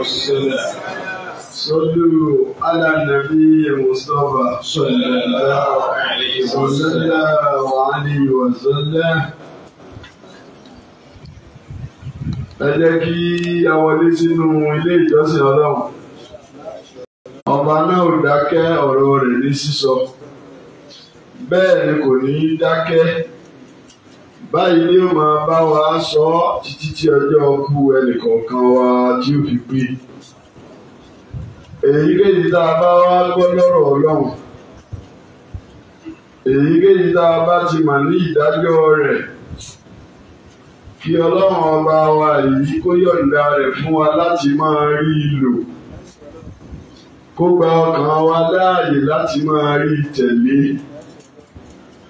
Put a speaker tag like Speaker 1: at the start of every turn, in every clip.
Speaker 1: والسلام صلوا على النبي المصطفى صلى الله عليه وسلم ẹ jẹ́ kí a wọlé sínú ilé ìjọsìn ọlọ́run ọba náà ò dákẹ́ ọ̀rọ̀ rẹ̀ ní sísọ bẹ́ẹ̀ ni kò ní í dákẹ́ báyìí ni ó máa bá wa sọ títí tí ọjọ́ kú ẹnìkọ̀ọ̀kan wa tí ó fi pé èyíkéyìí tá a bá wá gbọ́ lọ́rọ̀ ọlọ́run èyíkéyìí tá a bá ti mà ní ìdájọ́ rẹ̀ kí ọlọ́run ọba wa yìí kó yọ̀ǹda rẹ̀ fún wa láti máa rí i lò kó gba ọkàn wa láàyè láti máa rí i tẹ̀lé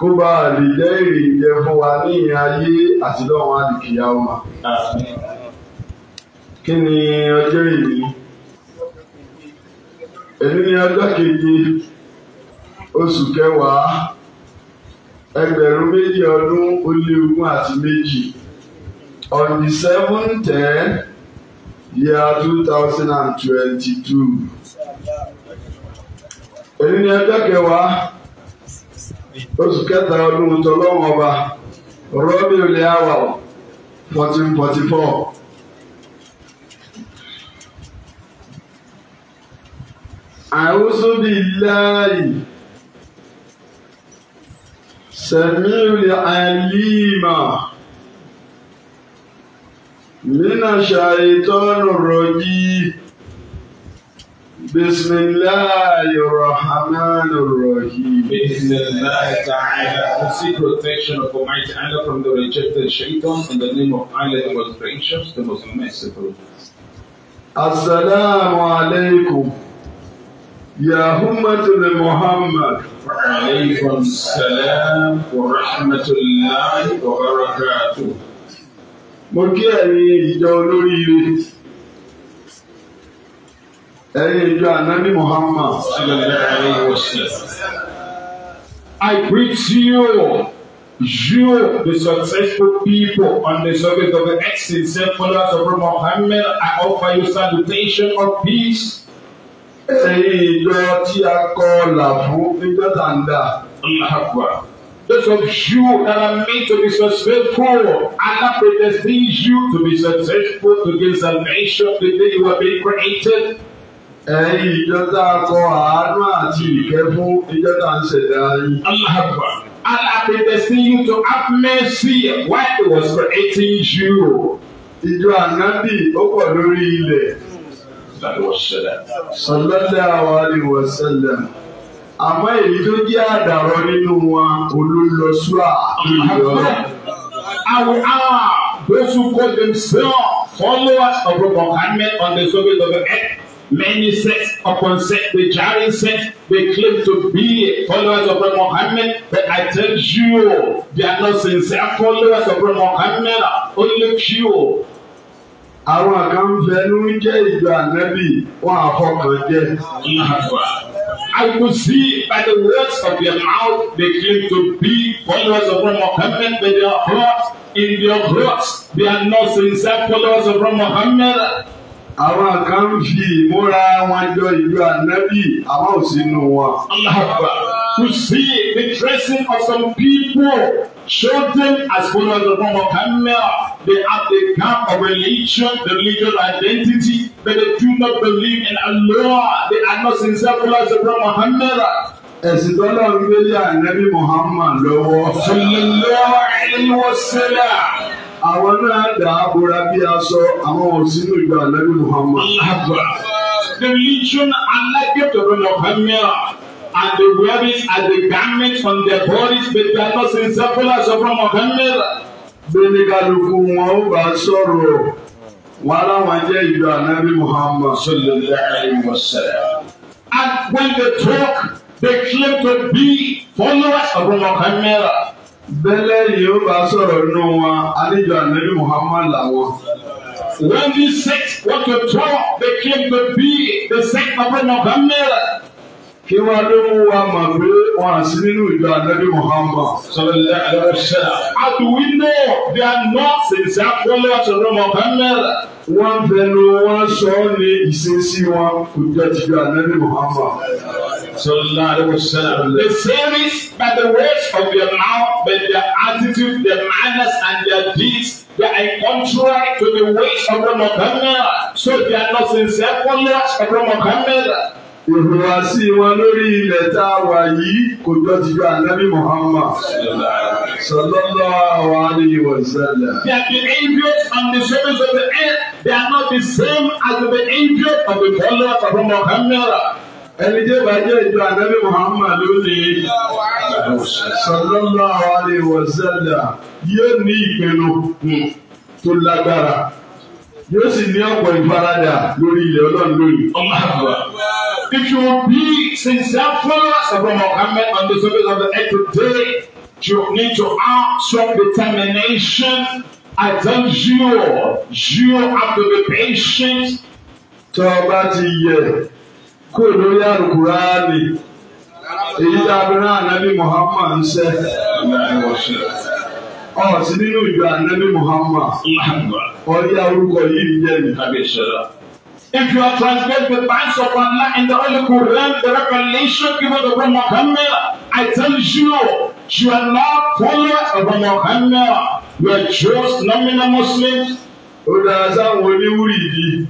Speaker 1: kó bá a lè jẹ́ ìrìnjẹ fún wa ní ìhìn ayé àti lọ́wọ́n àdìkìyà ọmọ. Kí ni ọjọ́ ìní? Èmi ni ọjọ́ keje oṣù kẹwàá ẹgbẹ̀rún méjì ọdún ó lé ogún àti méjì on the seventh ten year two thousand and twenty-two. Èmi ni ọjọ́ kẹwàá oṣù kẹta ọdún tọlọ́wọ́n ọba rọ́bì olè àwà fourteen forty four. أعوذ بالله سميع العليم من الشيطان الرجيم بسم الله الرحمن الرحيم بسم الله تعالى and seek protection of Almighty Allah from the rejected shaitan in the name of Allah the most gracious, the most merciful. السلام عليكم يا همة محمد وعليكم السلام ورحمة الله وبركاته. Mo kí ẹ̀yin ẹ̀yin ìjọ ànábì Muhammad I greet you, you, the successful people on the service of the earth, sincere followers of Muhammad. I offer you salutation of peace. ẹ̀yin ìjọ tí a kọ là fún nígbà Those of you that are made to be successful, Allah predestines you to be successful to gain salvation the day you were being created ẹ̀yin ìjọba kọ àánú àti ìkẹ́ fún ìjọba ń ṣẹ̀dá yín. Allah been you to have mercy while he was creating you. Ìjọ ànábì ó pọ̀ lórí ilẹ̀. Sallallahu alaihi wasallam. Àmọ́ èyí tó jẹ́ àdàrọ̀ nínú wọn olólọ́sùà ìlú ọ̀rọ̀. Àwọn àwọn those who call themselves followers of Prophet Muhammad on the surface Many sects upon sects, the jarring sects, they claim to be followers of Prophet Muhammad, but I tell you, they are not sincere followers of Prophet Muhammad, only few. Àwọn kan ń fẹnu jẹ́ ìjọ ànábì, wọ́n á fọkàn I could see by the words of their mouth they claim to be followers of Muhammad, but their hearts, in their hearts, they are not sincere followers of Muhammad àwọn kan ń fi ìmúra wọn jọ ìlú ànábì àwọn ò sínú wọn. To see the dressing of some people, chosen as followers of Muhammad, they have the camp of religion, the religious identity, but they do not believe in Allah. They are not sincere followers of Muhammad. ẹ̀sìn tó lọ ń gbélé ànábì Muhammad lọ́wọ́. Sallallahu alaihi wasallam àwọn náà dà á bora bí aṣọ àwọn òsínú ìgbà ànábì Muhammad. Àgbà the religion unlike to run your family and they wear it as a garment on their bodies but they are not sincere followers Bẹ́ẹ̀ni kálukú wọn ó bá sọ̀rọ̀ wọn láwọn jẹ́ ìjọ ànábì Muhammad sallallahu alayhi wa sallam. And when they talk, they claim to be followers of Rama Muhammad bẹ́lẹ̀ yìí ó bá sọ̀rọ̀ nínú wọn àlejò ànábì Muhammad làwọn. When these sects what you talk, they came to be the sect of the Muhammad. Kí wọ́n ló mú wa mọ̀ pé wọ́n á sí nínú ìjọ ànábì Muhammad. Sọlá ẹ̀rọ ṣẹlẹ̀. How do we know they are not the followers of the Muhammad? wọ́n fẹnu wọn sọ ní ìṣesí wọn kò jẹ́ ti bí anabi Muhammad. Sallallahu alaihi wasallam. The service by the words of their mouth, by their attitude, their manners, and their deeds, they are contrary to the ways of the Muhammad. So they are not sincere followers of the Muhammad ìhùwàsí wọn lórí ilẹ̀ tá a wà yìí kò jọ ti gba ànábì Muhammad sallallahu alayhi wa sallam. Their behaviors and the surface of the earth they are not the same as the behavior of the followers of Muhammad. Ẹni jẹ́ bàjẹ́ ìjọ ànábì Muhammad lónìí sallallahu alayhi wa sallam yóò ní ìpinnu hmm, tó lágbára yóò sì ní ọ̀pọ̀ ìfaradà lórí ilẹ̀ ọlọ́run lónìí. ọmọ àgbà. If you be sincere followers of Muhammad on the surface of the earth today, you need to have strong determination. I tell you, you have to be patient. Tó o bá ti yẹ kó lórí àlùkùránì, èyí tá a fi rán ànábì Muhammad ń ọ̀sìn nínú ìjọ ànábì Muhammad ọ̀yá orúkọ yìí jẹ́ nìkàgẹ́sọ̀rọ̀. If you are transgressed the bands of Allah in the Holy Quran, the revelation given to Muhammad, I tell you, you are not follower of Muhammad. You are just nominal Muslims. Olùdásá wo ni wúri yìí?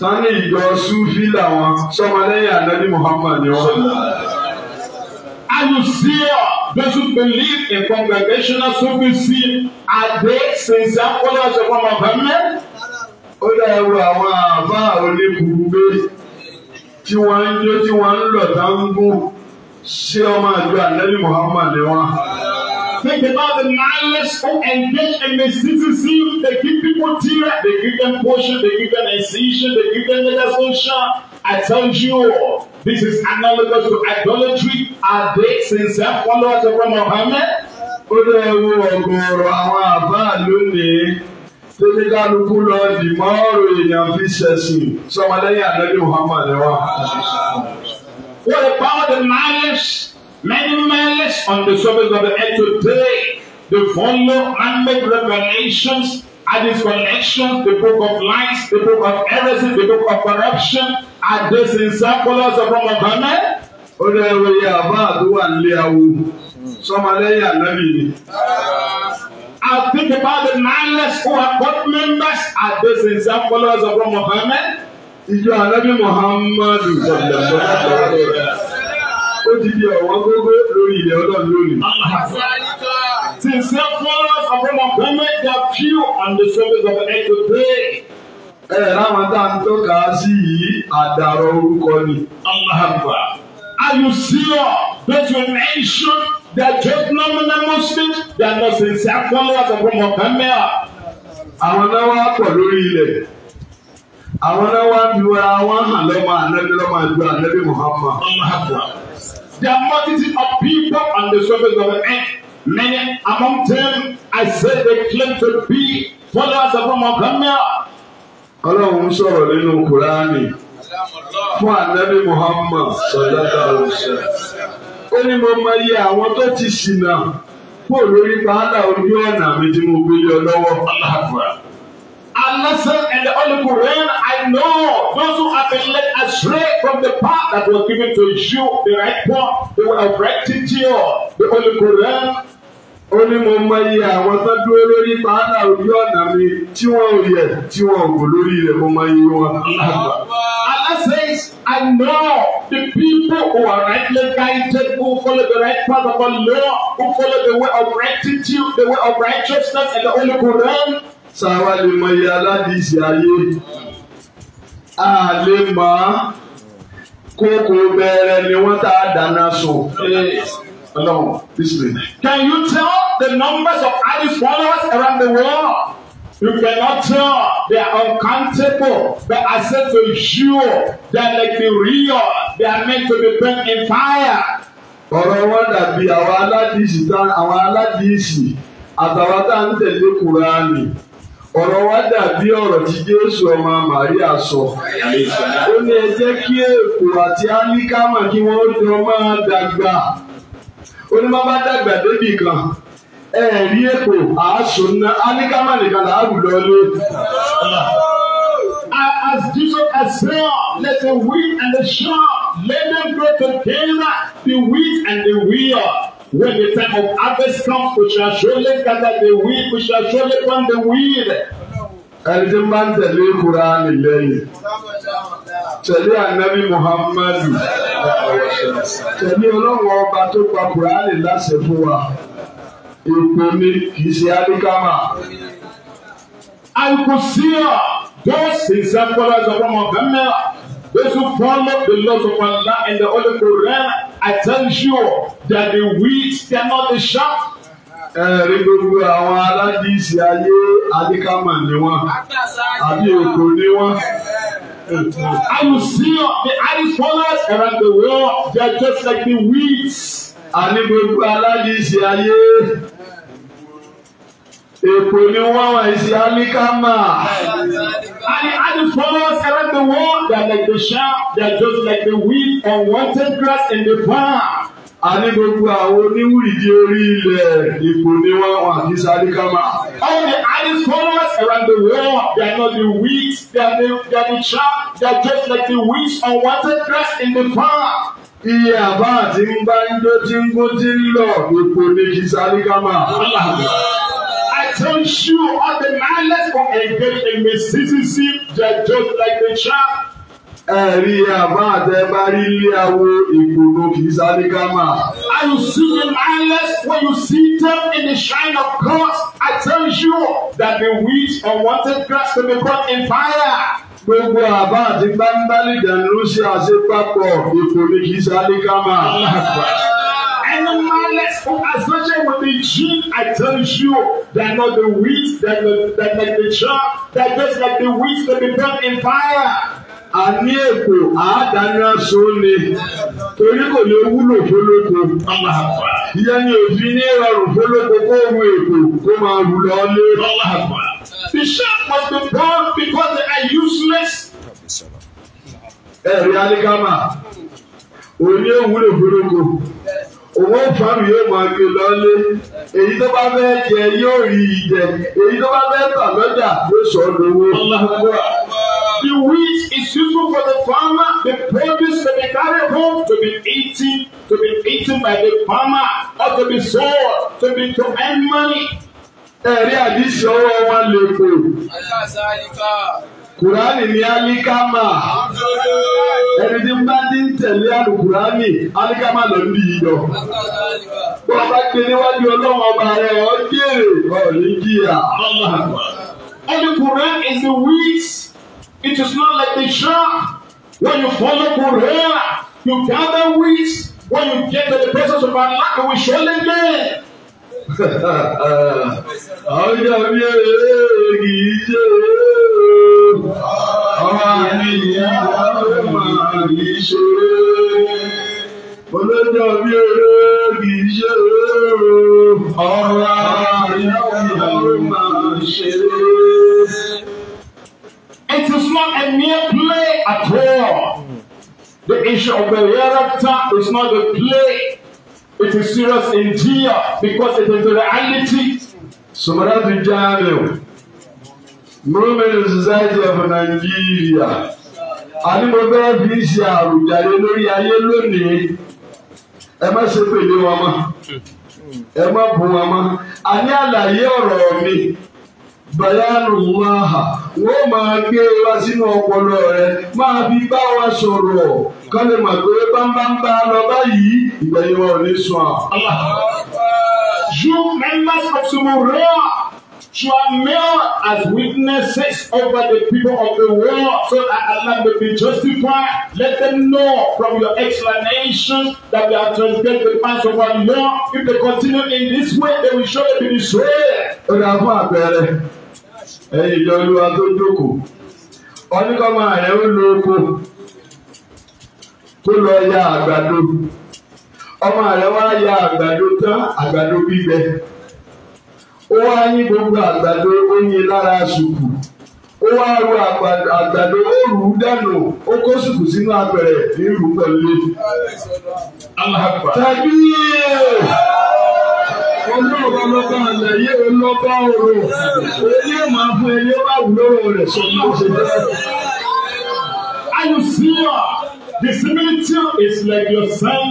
Speaker 1: Sani ìjọ Sufi làwọn sọmọlẹ́yìn Ànábì Muhammad ni wọ́n. Are you serious? Those who believe in congregational supremacy. are they sincere followers of Muhammad? Ó dá ẹrù àwọn àbá oníbùgbé tí wọ́n ń jó tí wọ́n ń lọ dáńgó ṣé ọmọ àjọ àlẹ́lí Muhammad ni wọ́n. Think about the malice who engage in mysticism. They give people tear, they give them portion, they give them incision, they give them legal social. I tell you, this is analogous to idolatry. Are they sincere followers of Muhammad? Ó lè wo ọ̀gọ̀ọ̀rọ̀ àwọn àbá lónìí tó ní kálukú lọ dì mọ́ ọ̀rọ̀ èèyàn fi ṣẹ̀sìn sọmọlẹ́yìn ànábì Muhammad wa. What about the malice? Many malice on the surface of the earth today. The follow man revelations, and these connections, the book of lies, the book of heresy, the book of corruption. Adéṣinsá kọ́lọ́sọ fọmọ bàmẹ́. Ó lè wòye àbá àdúrà nílé awo. Sọmọlẹ́yìn ànábì ni. I think about the nines who are God members are those in some followers of Muhammad. Ìjọ Ànábì Muhammadu Sọ̀dọ̀dọ̀ ó ti di ọ̀wọ́n gógó lórí ilẹ̀ ọlọ́run lónìí. Sincere followers of Muhammad are few on the surface of the earth today ẹ ráwọn tá à ń tọ́ka sí yìí àdàrọ̀ orúkọ ni. alahaba are you serious that you mention that just nominal muslims that are sincere followers of Muhammad. àwọn náà wá pọ̀ lórí ilẹ̀ àwọn náà wá ju ara wọn hàn lọ́mọ ànábì lọ́mọ àjọ ànábì Muhammad. alahaba there multitude of people on the surface of the earth many among them I say they claim to be followers of Muhammad ọlọ́run ń sọ̀rọ̀ nínú kùránì fún ànábì Muhammad sọ̀dọ́tà ọ̀ṣẹ́. ó ní mo máa yẹ àwọn tó ti ṣìnà kó lórí pàálà ojú ọ̀nà mi tí mo gbélé ọ lọ́wọ́ aláàbà. Allah said in the Holy I know those who have been led astray from the path that was given to you, the right path, they were of rectitude. The Holy Quran ó ní mo mọ iye àwọn tó dúró lórí pàápàá ojú ọ̀nà mi tí wọ́n ò yẹ tí wọ́n ò kò lórí rẹ̀ mo mọ iye wọn. says, I know the people who are rightly guided, who follow the right path of Allah, who follow the way of rectitude, the way of righteousness, and the Holy Quran. Sáwa lè mọ iye aládìsí ayé. A lè mọ̀ kókó bẹ̀rẹ̀ ni wọ́n tá a dáná sùn. Hello, listen. Can you tell the numbers of Alice followers around the world? You cannot tell. They are uncountable. But I said to you, they are like the real. They are meant to be burnt in fire. Ọ̀rọ̀ wọn dàbí àwọn aládìsí tán àwọn aládìsí àtàwọn tá à ń tẹ̀lé Kùránì. Ọ̀rọ̀ wa dàbí ọ̀rọ̀ tí Jésù ọmọ Màríà sọ. Ó ní ẹ jẹ́ kí èkó àti Áníkàmà kí wọ́n jọ máa dàgbà onímọ̀ bá dàgbà débì kan ẹ̀rí èpò àásù ná áníkàmà nìkan làárùlọ lé. As Jesus has said, let the weak and the strong, let them grow together, the weak and the weak. When the time of harvest comes, we shall surely gather the weak, we shall surely burn the weak ẹni tí ń bá ń tẹ̀lé Kùránì lẹ́yìn tẹ̀lé ànábì Muhammadu tẹ̀lé ọlọ́run ọba tó pa Kùránì láṣẹ fún wa èpò ni kì í ṣe àdìkámà. Al-Qudsiya, those his followers of Muhammad, those who follow the laws of Allah and the Holy Quran, I tell you that the wheat cannot be shot ẹ̀rí gbogbo àwọn aládìsí ayé adékámà ni wọ́n
Speaker 2: àbí èkó ni wọ́n.
Speaker 1: I will see your the eyes followers around the world they are just like the weeds. Àní gbogbo aládìsí ayé. Èkó ni wọ́n wà sí Alikama. And
Speaker 2: the other followers
Speaker 1: around the world they are like the sharp, they are just like the weed on wanted grass in the farm a ní gbogbo àwọn oníwùrìdí orí ilẹ̀ ìbò ni wọ́n wà kí sáríkàmà. All the idol followers around the world, they are not the wheat, they are the, they chaff, they are just like the wheat unwanted grass in the farm. Iye àbá àti ń bá ń dó tí ń gún ń lọ ipò ní kí sáríkàmà. I tell you, all the malice for engaging in mysticism, they are just like the chaff ẹ̀rí àbá àtẹ̀bá rí ilé awo ìgbòho kì í sáré ká máa. And you seeing them eyeless when you see them in the shine of God? I tell you that the wheat and wanted grass will be put in fire. Gbogbo àbá àti gbáńgbálì dànù ló ṣe àṣepapọ̀ ìkò ní kì í sáré ká máa. Any malice or association with the Jew, I tell you, that not the wheat, that are that like the chaff, that just like the wheat that be burnt in fire àní èkó àádáná sóni torí kò lè wúlò fólóko ìyẹn òfin ní ìrọ̀rùn fólóko kó ohun èkó kó máa rù lọ lé. The sharp must be born because they are useless. Ẹ̀rí Alikama, òní èwúlò fólóko owó fáàmù yóò máa gbé lọ́lé èyí tó bá fẹ́ jẹ yóò rí ìjẹ èyí tó bá fẹ́ tà lọ́jà yóò sọ
Speaker 2: lówó. The
Speaker 1: wheat is useful for the farmer. The produce to be carried home, to be eaten, to be eaten by the farmer, or to be sold, to be to earn money.
Speaker 2: Ẹ̀rí àdìsí
Speaker 1: ọwọ́ wọn lè pè. Àyà sáà yíká kùránì ní alíkámà ẹni tí ń bá ti ń tẹ̀lé alùkùránì alíkámà ló ń bìí yọ. bó o bá gbé níwájú ọlọ́run ọba rẹ̀ ọ́ jèrè ọ̀rẹ́ jìyà. And the Quran is the weeds. It is not like the shark. When you follow Quran, you gather weeds. When you get to the presence of Allah, we surely get. It is not a mere play at all. The issue of the character is not a play. It is serious in here because it is the reality. Somara fi jamiu. Mọ́mìnì Society of Nigeria. Àdìmọ̀gbẹ́ fi ń ṣe àrùjáde lórí ayé lónìí. Ẹ má ṣe pèlè wa mọ́. Ẹ má bù wa mọ́. Àní àlàyé ọ̀rọ̀ mi bayanu laha wọ́n máa gbé wá sínú ọpọlọ rẹ máa fi bá wa sọ̀rọ̀ kọ́lé mà pé bámbámbá lọ báyìí ìgbẹ̀yìn wọn ò ní sùn à. You members of Sumurua, you are mere as witnesses over the people of the world so that Allah may be justified. Let them know from your explanations that they are transgressed the path of our law. If they continue in this way, they will surely be destroyed. Ó dàbọ̀ àpẹẹrẹ. ẹ̀yin ìjọ olúwa tó jókòó ọdúnkọ́mọ rẹ̀ ó lọ kó lọ ya àgbàdo ọmọ rẹ̀ wá ya àgbàdo tán àgbàdo gbígbẹ ó wá yín gbogbo àgbàdo ó yín lára sùkù ó wá ru àgbàdo ó rù ú dànù ó kó sùkù sínú apẹ̀rẹ̀ ní rù pẹ̀lú. tàbí yéé. ọlọ́ọ̀bá lọ́ba àlàyé ọlọ́ba ọ̀rọ̀ ẹyẹ máa fún ẹyẹ bá wúlọ́wọ́ rẹ̀ sọ́nà ṣe bẹ́ẹ̀. Are you the similitude is like your son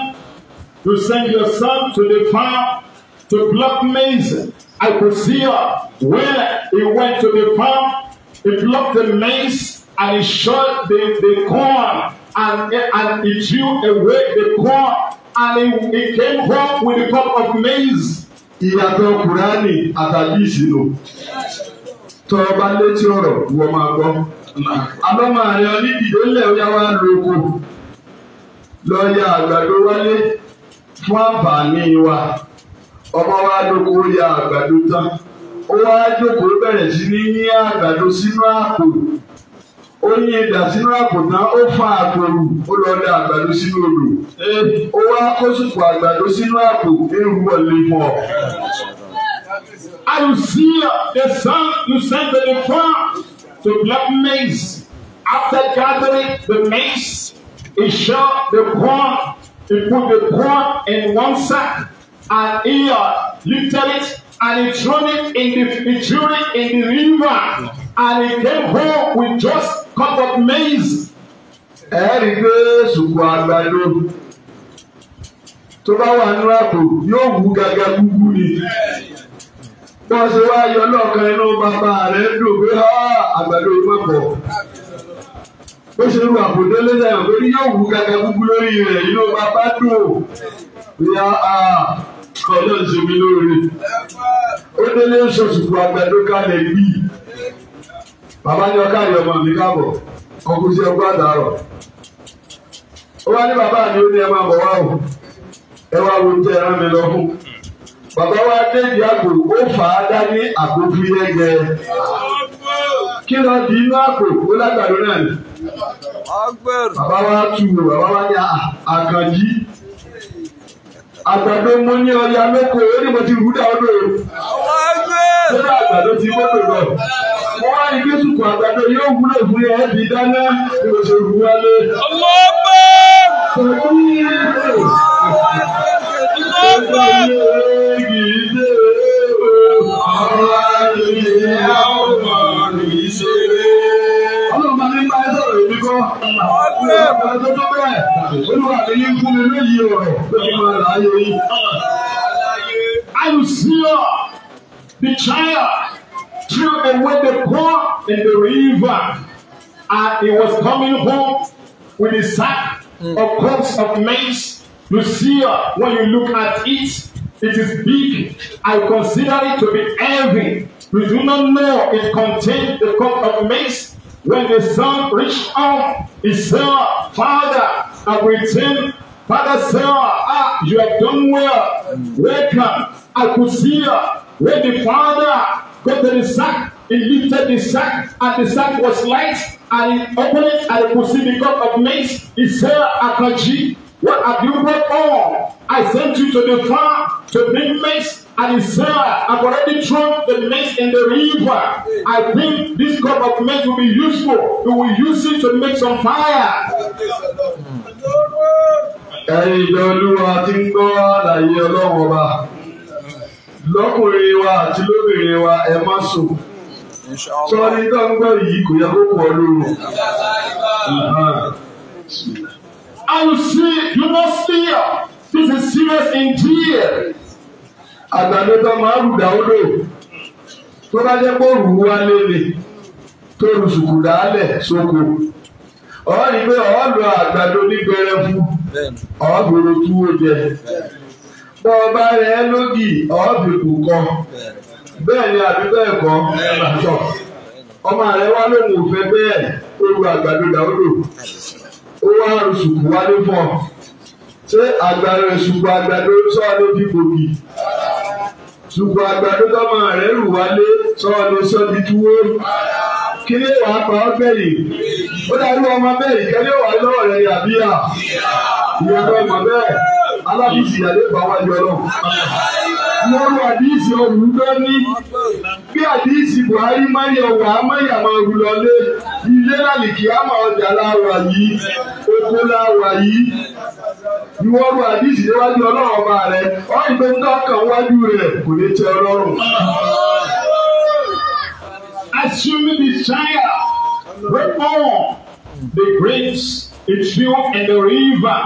Speaker 1: you send your son to the farm to pluck maize I could see her where he went to the farm, he plucked the maize and he shot the, the corn and, and he threw away the corn and he, he came home with a cup of maize ìyàtọ̀ kùránì àtàbí ìṣirò tọ́ ọba létí ọ̀rọ̀ wọ́n máa gbọ́. àbámọ̀ àrẹ onídìdé ńlẹ̀ ọ̀yá wa lo oko lọ́ọ̀yà àgbàdo wálé fún àǹfààní wa ọba ya àgbàdo tán ó wá jókòó bẹ̀rẹ̀ sí ní ní àgbàdo sínú ó ní idà sínú àpòtán ó fa àpòrù ó lọ da àgbàdo sínú odò ó wá kó àgbàdo sínú àpò nínú wọlé fún ọ.
Speaker 2: I see the son,
Speaker 1: you sent to the farm to black maize. After gathering the maize, he shot the corn, he put the corn in one sack, and he uh, lifted it and he threw it in the he threw it in the river, and he came home with just cup of maize ẹ rí i pé ṣùkú àgbàdo tó bá wà nínú àpò yóò wú gàgà gúgú ni
Speaker 2: wọ́n ṣe wá yọ lọ́ọ̀kan inú bàbá rẹ̀ dùn pé
Speaker 1: àgbàdo mọ̀pọ̀ bó ṣe wà kò délé náà lórí yóò wú gàgà gúgú lórí rẹ̀ inú bàbá dùn ìyá ọlọ́ọ̀ṣẹ́ mi lóore ó délé ṣoṣù fún àgbàdo kalẹ̀ bíi bàbá ní ọkọ àyọmọ mi káàbọ̀ ọkùnrin sí ọkọ àdàrọ ó wá ní bàbá mi ó ní ẹ máa bọ̀ wá o ẹ wá wo tẹ ẹran mi lọ fún bàbá wa dé ìdí àgbò ó fà á dání àpò fi lẹgbẹ kí lọ di inú àpò ó lágbàdo náà ni bàbá wa tù ú bàbá wa ní àkànjí àgbàdo mo ní ọya mẹ́kọ̀ọ́ ó ní mo ti rú ọdún o nínú àgbàdo tí wọ́n lọ. Mo wá ní kíkù àgbàdo yóò wúlò fún yẹn ẹ̀bí dáná
Speaker 2: ní oṣù Rúwálé. Ọlọ́pẹ́! Tẹ̀lé ilé. Ọlọ́pẹ́! ní bá rẹ̀ bí kọ́. Ọlọ́pẹ́!
Speaker 1: Àgbàdo fún mi lóyìí ọ̀rọ̀ lórí máa rà á yẹ yín. The child, children when the caught in the river, and uh, he was coming home with a sack mm. of crops of maize. You see, uh, when you look at it, it is big. I consider it to be heavy. We do not know it contained the cup of maize. When the son reached out, he said, Father, I will tell Father said, Ah, you have done well.
Speaker 2: Mm. Welcome.
Speaker 1: I could see uh, When the father got the sack, he lifted the sack, and the sack was light, and he opened it, and he could see the cup of maize. He said, Akaji, what have you brought on? I sent you to the farm to bring maize. And he said, I've already drunk the maize in the river. I think this cup of maize will be useful. We will use it to make some fire. Hmm. Ẹ̀yin ìjọ Olúwa ti ń gbọ́ àlàyé Ọlọ́run ọba lọ́kùnrin wa àti lóbìnrin wa ẹ má sùn sọ́ni dọ́gbọ́n yìí kò yẹ kó pọ̀ lóru. And see, you must fear. This is serious indeed. Àgbàdo tó máa rù dáwọ́dò tó bá jẹ́ pé òrùn wa lélẹ̀ tó rù sùkù dálẹ̀ sóko. Ọ̀ọ́ ni pé ọ̀ọ́ lọ àgbàdo ní gbẹrẹfu, ọ̀ọ́ gbòòrò túwó jẹ tọ́ ọba rẹ̀ lódì ọ̀ọ́bìkù kan bẹ́ẹ̀ ni àbí bẹ́ẹ̀ kọ́ ẹ̀rọ ọmọ rẹ̀ wá lóhùn òfẹ́ bẹ́ẹ̀ olú àgbàdo dàódò ó wá rùsùkù wálé fún ọ ṣé àgbàdo ìṣùkù àgbàdo sọ́ọ́ ló fi gbòógì ṣùkù àgbàdo tọ́mọ rẹ̀ rù wálé sọ́ọ́ ló sọ́ di túwó kí ni wàá pa ọ́ bẹ́yìí ó dàrú ọmọ bẹ́yìí kẹ́lẹ́ wàá lọ́ọ̀rẹ́ yàbíyà ìyàbọ̀ ọmọ bẹ́ẹ̀ alábìsí àlébà wájú ọlọ́run. Wọ́n lu àdìsí ọ̀hún tó ní bí àdìsí Buhari máyà wà á máyà máa rú lọlé ilé lálìkí á máa ọjà láwà yìí oko láwà yìí. Ìwọ àdìsí níwájú ọlọ́run ọba rẹ̀ ọ́ ìgbẹ́ńdọ́ kan wájú rẹ̀ kò lè tẹ ọlọ́run. Assuming the Shire, reform the graves, the field, and the river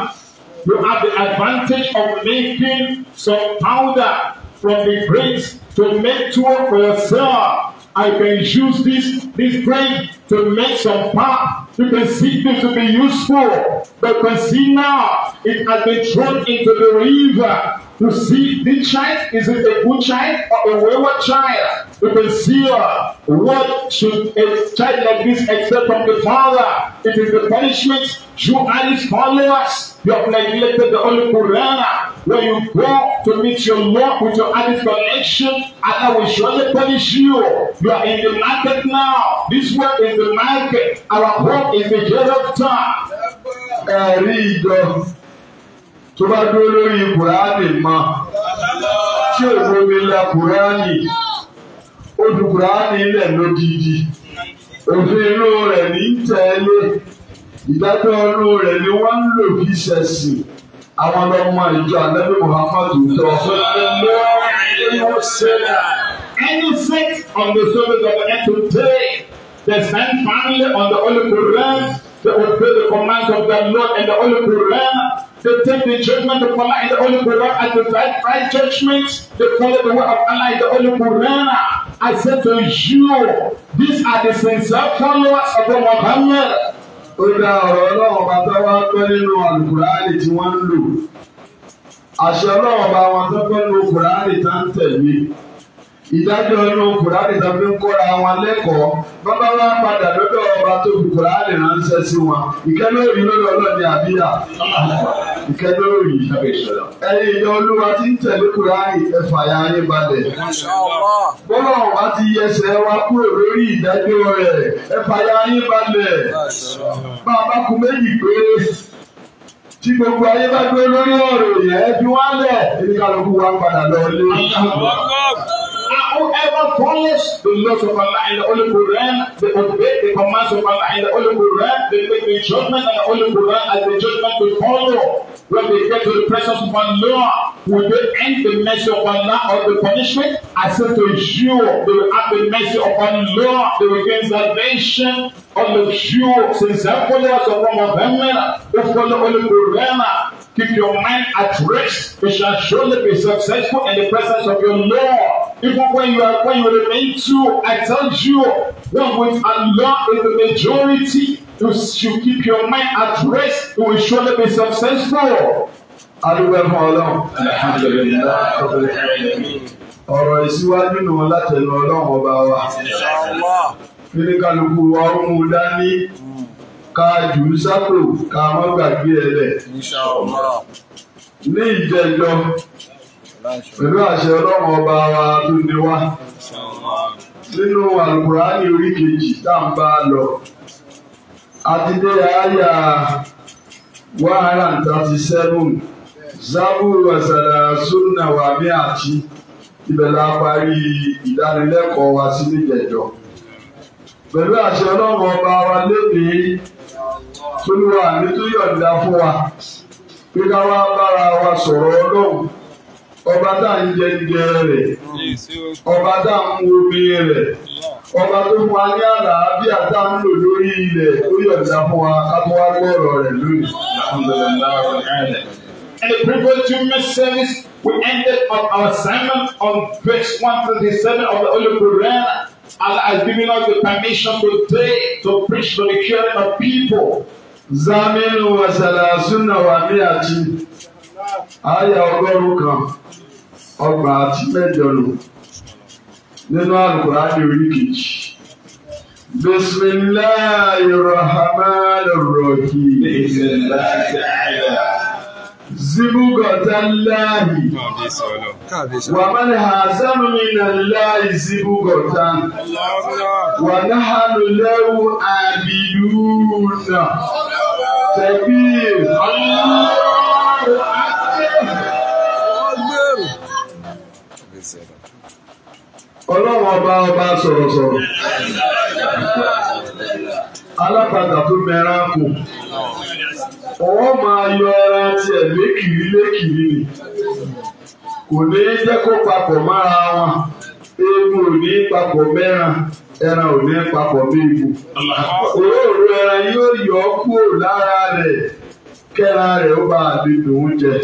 Speaker 1: you have the advantage of making some powder from the grains to make tool for yourself. I can use this this grain to make some pap. You can see this to be useful. But you can see now it has been thrown into the river. To see, this child is it a good child or a wayward child? You can see What should a child like this expect from the father? It is the punishment you are his followers. You have neglected the Holy Quran. When you go to meet your Lord with your added connection, Allah will surely punish you. You are in the market now. This world is the market. Our hope is the hereafter. There you go tó bá dúró lórí kùránì mọ tí òun mi la kùránì ó kùránì ilẹ̀ lódìdí òfin inú rẹ̀ ní tẹ̀lé ìdájọ́ inú rẹ̀ ni wọ́n ń lò fi ṣẹ̀sìn àwọn ọmọ ìjọ ànábì Muhammadu tó fẹ́ lọ́wọ́ any faith on the service of the end today, they stand firmly on the Holy Quran, will obey the commands of their Lord and the Holy Quran, They take the judgment of Allah in the Holy Quran as the right, right judgment. They follow the word of Allah in the Holy Quran. I said to you, these are the sincere followers of Muhammad. Ó dá ọ̀rọ̀ ọlọ́run bá tó wá gbọ́ nínú àlùkùránì tí wọ́n ń lò. Àṣẹ ọlọ́run bá wọn tó gbọ́ nínú kùránì tá ń tẹ̀lé ìdájọ́ inú kùránì tàbí ń kọ́ra wọn lẹ́kọ̀ọ́ bàbá wa padà lọ́dọ̀ ọba tó fi kùránì ránṣẹ́ sí wọn ìkẹ́lórí lórí ọlọ́ọ̀ni àbíyà ìkẹ́lórí ẹ̀yin ìyá olúwa ti ń tẹ̀lé kùránì ẹ̀fà ya yín balẹ̀. bọ́lá ọba ti yẹsẹ̀ wa kúrò lórí ìdájọ́ rẹ̀ ẹ̀fà ya yín balẹ̀ bàbá kú méjì péré tí gbogbo ayé bá gbé lórí ọ̀rọ̀ yẹn bí wọ́n lẹ̀ èmi kàlùkù wa ń padà lọ ilé. Are whoever follows the laws of Allah in the Holy Quran, they obey the commands of Allah in the Holy Quran, they make the judgment and the Holy Quran as the judgment to follow. When they get to the presence of Allah, will they end the mercy of Allah or the punishment? I said to you, they will have the mercy of Allah, they will gain salvation. All of you, since I follow us of Muhammad, who follow Holy Quran, Keep your mind at rest. You shall surely be successful in the presence of your Lord. Even when you are when you remain true, I tell you, one with Allah is the majority. You should keep your mind at rest. You will surely be successful. Adúgbò fún Ọlọ́run.
Speaker 2: Alhamdulilayi Rabbil Alamin.
Speaker 1: Ọ̀rọ̀ ìsíwájú nù látẹnu Ọlọ́run ọba wa. Fílíkàlùkù wa ó mú dání ká jù ú sápò ká má gbàgbé ẹ lẹ̀. ní ìjẹjọ pẹ̀lú àṣẹ ọlọ́run ọba wa tó ní wá nínú àlùkùránì orí kejì tá à ń bá a lọ àti dé àyà one hundred and thirty seven zabur wasala sunna wa mi àti ibẹ̀ la parí ìdánilẹ́kọ̀ọ́ wa sí níjẹ̀jọ́ pẹ̀lú àṣẹ ọlọ́run ọba wa lédè olúwa mi tó yọ̀ǹda fún wa pé ká wá bára wa sọ̀rọ̀ ọlọ́run ọba tá à ń jẹ jíjẹ rẹ̀
Speaker 2: ọba tá à ń
Speaker 1: mu omi rẹ̀ ọba tó fún wa ní àlàáfíà tá à ń lò lórí ilẹ̀ tó yọ̀ǹda fún wa ká gbọ́rọ̀ rẹ̀ lónìí. And the privilege to miss service, we ended up our sermon on verse 137 of the Holy Quran. Allah has given us the permission today to preach to the hearing of people zaminu wasalasuna wàmí àti àyà ọgọ́rùn kan ọgbà àti mẹ́jọ lò nínú Al-Qur'ani orí kejì. بسم الله الرحمن الرحيم zibugọ̀tà láàyè. Wà má ní àzánú mi nà láàyè zibugọ̀tà. Wà náà lò lẹ́wù àbìlú nà. Tẹ̀bí ọlọ́run ọba ọba sọ̀rọ̀sọ̀rọ̀ alápàtà tó mẹ́ra kù wọ́n máa yọ ẹran tiẹ̀ lékìrí lékìrí ni kò ní jẹ́ kó papọ̀ mára wọn eegun ò ní papọ̀ mẹ́ran ẹran ò ní papọ̀ méegun òróró ẹran yóò yọ kúrò lára rẹ̀ kẹ́ran rẹ̀ ó bá lè dùn jẹ.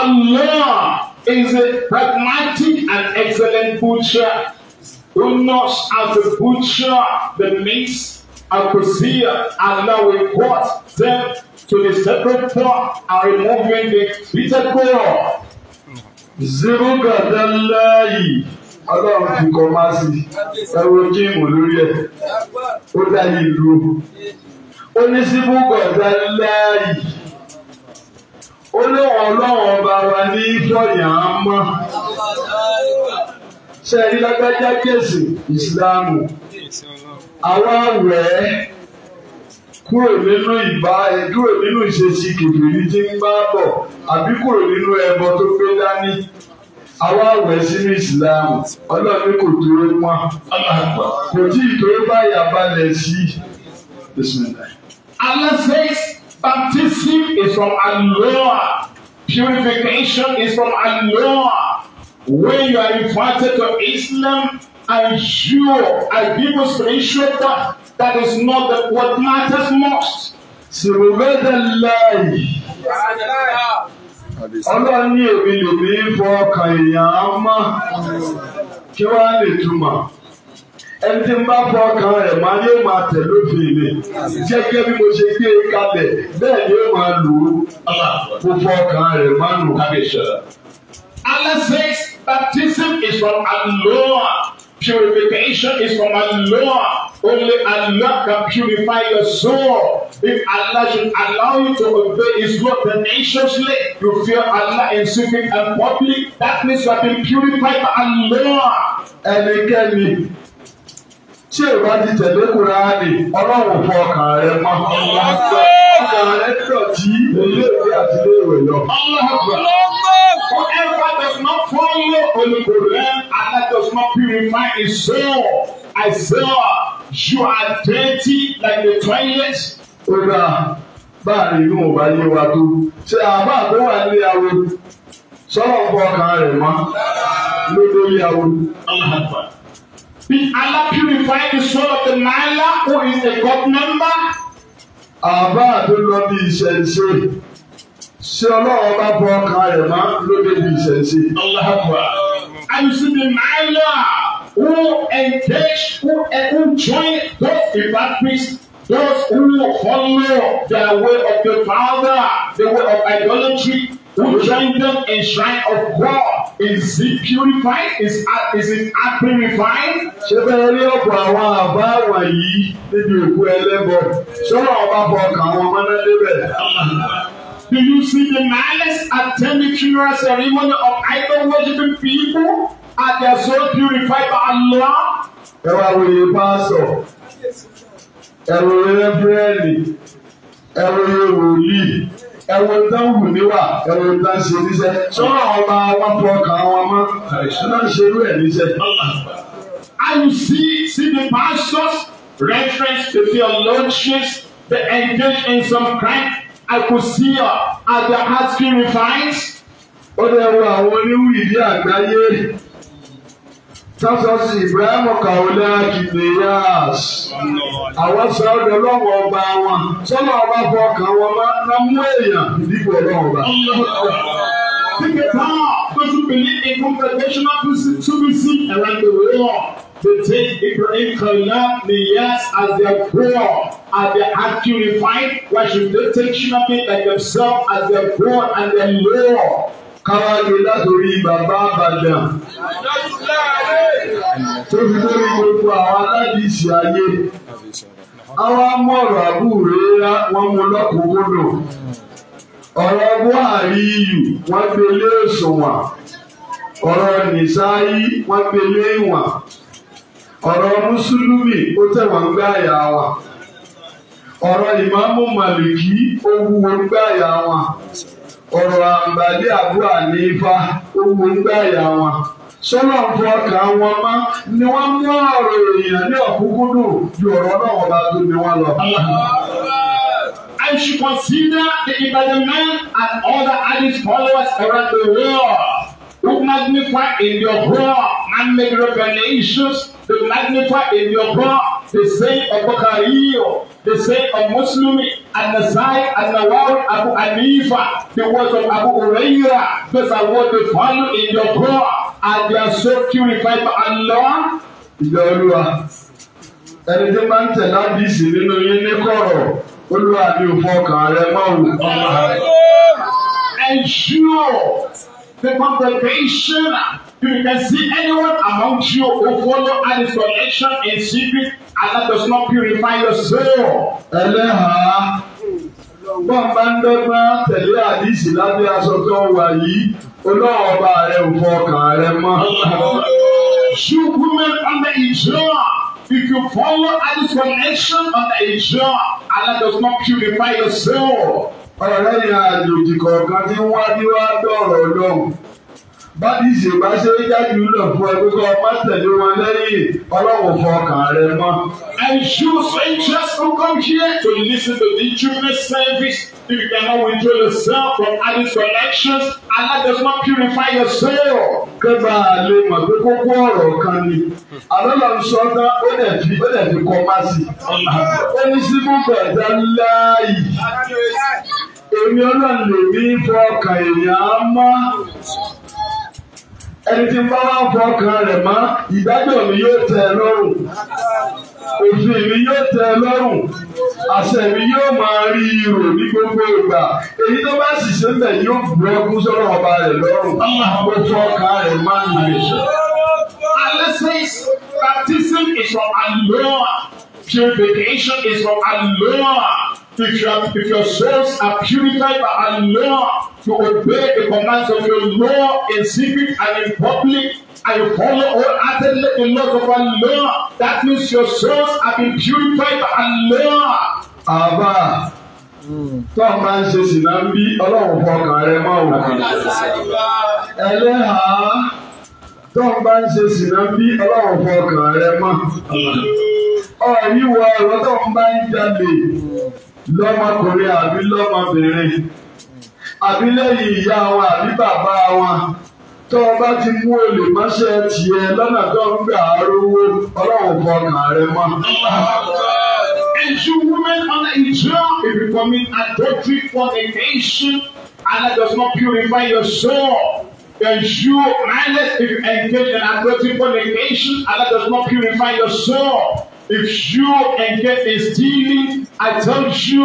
Speaker 1: Allah is a pragmatic and excellent butcher who knows how to butcher the meat and procedure, uh, and now we brought them to the sacred floor and removing the treated coral. Ziruga Dalayi Ọlọ́run fi kọ́ máa sí ẹ̀rọ jíìmù lórí ẹ̀ ó dá ìlú ó ní síbúgà Dalayi ó léwọ̀n Ọlọ́run ọba wa ní ìfọ̀yàn mọ́ ṣe ẹ̀rí lágbájá gẹ̀ẹ́sì ìsìláàmù àwa wẹ̀ ẹ́ kúrò nínú ìbá ẹ kúrò nínú ìṣesí kìkìrì tí ń bá bọ̀ àbí kúrò nínú ẹbọ tó gbé dání àwa wẹ̀ sínú ìsìláàmù ọlọ́run kò dúró mọ́ kò tí ì tó báyà balẹ̀ sí i. Allah says baptism is from Allah. Purification is from Allah. When you are invited to Islam, I am sure, I demonstrate sure that that is not the, what matters most. Sìrùbẹ́dẹ̀ láàyè. Ọlọ́run ní èmi lèmi fọ ọkàn èèyàn á mọ́. Kí wá lè túmọ̀? Ẹni tí ń bá fọ ọkàn rẹ̀ máa yóò máa mi. Gẹ́gẹ́ bí mo ṣe gbé e kalẹ̀, bẹ́ẹ̀ ni ó máa lò ó. Mo fọ ọkàn rẹ̀ máa nù. Allah says baptism is from Allah. Purification is from Allah. Only Allah can purify your soul. If Allah should allow you to obey His law tenaciously, you fear Allah in secret and public. That means you have been purified by Allah. Ẹnikẹ́ni tí ìwà ti tẹ̀lé Kùránì, Ọlọ́run fọ ọkàn rẹ̀ mọ́. Ọkàn rẹ̀ dọ̀tí ilé ìwé àti ilé
Speaker 2: ìwé lọ. Ọlọ́run.
Speaker 1: Whoever does not follow on the Quran and that does not purify his soul, I saw you are dirty like the toilet. Oda báàrin inú ò bá yé wa tó ṣe àbá àbẹ wà ní awo sọ́wọ́ ń bọ ọkàn rẹ̀ mọ́ ló lórí awo. Did Allah purify the soul of the Naila who is a God member? Àbá àbẹ lọ bí ìṣẹ̀ṣe ṣé ọlọ́run bọ ọkàn rẹ̀ máa ló débi ìṣẹ̀ṣe. aláàbà. and you see the maila who engage who, eh, who join those departments. Those who follow the way of the Father, the way of idolatry, who join them in shrine of God, is he purified? Is he, is his purified? Ṣé bẹ́ẹ̀ rí ọ̀pọ̀ àwọn àbá wọ̀nyí níbi òkú ẹlẹ́bọ? Ṣé ọba bọ̀ ọ̀kà àwọn ọmọ náà débẹ̀? Do you see the malice attending funeral ceremony of idol worshiping people as they are so purified by Allah? Ẹ wá wòye pásọ̀, ẹ wòye rẹ́fúrẹ́ẹ̀lì, ẹ wòye wòlíì, ẹ wo tán wù níwà, ẹ wo tán ṣe níṣẹ́. Sọ́nà ọba wọn fọ ọkàn wọn mọ́, ṣọ́nà ṣe irú ẹ̀ níṣẹ́. And you see, see the pastors reference to their lordships, they engage in some crime I could see her as the heart skin refines. Ó lè wo àwọn oníwìrì àgbáyé. Sọ́sọ́ sí Ibrahim Kàwọ́lá Kìdéyàs. Àwọn sọ ọ́dọ̀ lọ́wọ́ ọba wọn. Sọ́nà ọba bọ̀ kàn wọ́n máa ń mú èèyàn nígbà ọlọ́ọ̀ba. Think it hard, those who believe in congregational supervision around the world to take Ibrahim Khalil Niyas as their core and their unpurified, Why should they take human beings like themselves as their core and their law. Káwá ló látòrí bàbá Àbàdàn.
Speaker 2: Tó fi lórí gbogbo àwọn
Speaker 1: aládìsí ayé. Àwọn amọ̀rọ̀ àbúrò wọn mú lọ́kùnkúndùn. Ọ̀rọ̀ Buhari yìí wọ́n gbé lé òṣùwọ̀n. Ọ̀rọ̀ Nìsáyí wọ́n gbé lé ìwọ̀n ọ̀rọ̀ mùsùlùmí ó tẹ̀wọ̀n gbá àyà wa ọ̀rọ̀ ìmáàmù màlìkì ó wúwo gbá àyà wa ọ̀rọ̀ àǹbálí àbúrò ànífà ó wúwo gbá àyà wa sọ́nà fọkàn wọn má ni wọ́n mú ọ̀rọ̀ èèyàn ní ọ̀kúnkúndùn ju ọ̀rọ̀ náà wọn bá tóbi wọn lọ. I should consider the Ibadan man and other Ali's followers around the world who magnify in your world and make revelations they magnify in your heart prayer, they say Abu Kariyo, they say a Muslim, An-Nasai, An-Nawawi, Abu Hanifa, the words of Abu Huraira, those are what they follow in your heart, and they are so purified by Allah. Ìjọ Olúwa, ẹni tí máa ń tẹ̀ lábìsì nínú yín ní kọ̀rọ̀, Olúwa mi ò fọkàn rẹ mọ́ òun. Ensure the congregation You can see anyone among you who follow Adam's connection in secret and that does not purify your soul. Ẹlẹ́hàá. Bọ́n bá ń dọ́gbọ́n tẹ̀lé àdìsí lábẹ́ aṣọ tó ń wà yìí, olóòba rẹ̀ ò fọkàn rẹ̀ mọ́. You women under Israel, if you follow Adam's connection under Israel, Allah does not purify your soul. Ọ̀rẹ́ ìrìn àjòjì kọ̀ọ̀kan tí wọ́n á bí wá dọ̀rọ̀ lọ́hùn báyìí ṣe bá ṣe ń jáde lọ fún ẹ pé ọmọ tẹ̀lé wọn lẹ́yìn ọlọ́run fọkàn rẹ mọ́. and shows interest from come here to listen to the children's service if you cannot withdraw yourself from adult selections, Allah does not purify your soul. kẹ́gbà lè mọ̀ pé kókó ọ̀rọ̀ kan ni àlọ́ lọ sọ tán ó dẹ̀ fi ó dẹ̀ fi kọ́ pásì ó ní síbú bẹ̀ẹ̀dá láàyè èmi ọlọ́run lè ní fọkàn èèyàn á mọ́ ẹni tí ń bá wá fọkàn rẹ̀ mọ́ ìdájọ́ mi yóò tẹ́ ẹ lọ́rùn òfin mi yóò tẹ́ ẹ lọ́rùn àṣẹ mi yóò máa rí irò ní gbogbo ìgbà èyí tó bá sì ṣe ń bẹ̀ yóò bu ẹkún sọ́rọ̀ ọba rẹ̀ lọ́rùn kó fọkàn rẹ̀ má nìyẹn. Allah says baptism is from Allah, purification is from Allah. If, you have, if yourselves are purified by law, to obey the commands of your law in secret and in public, and you follow wholeheartedly the laws of Allah, that means your souls have been purified by Allah. Hmm. Àbá tó a máa ń ṣe sìnà ń bí ọlọ́run fọkàn rẹ máa wò kàn. Ẹlẹ́hà tó a máa ń ṣe sìnà ń bí ọlọ́run fọkàn rẹ máa. Hmm. Ọ̀yíwọ̀ ọ̀rọ̀ tó a máa ń jalè lọ́mọkùnrin àbí lọ́mọbìnrin àbí lẹ́yìn ìyá wọn àbí bàbá wọn tó o bá ti mú olè mọ́ṣẹ́ tiẹ̀ lọ́nà tó ń gbà á rówó ọlọ́run kọkàn rẹ mọ́. Ensure women under Israel if you commit adultery fornication and that does not purify your soul. you, mindless if you engage in adultery for fornication and that does not purify your soul. If you engage in stealing I tell you,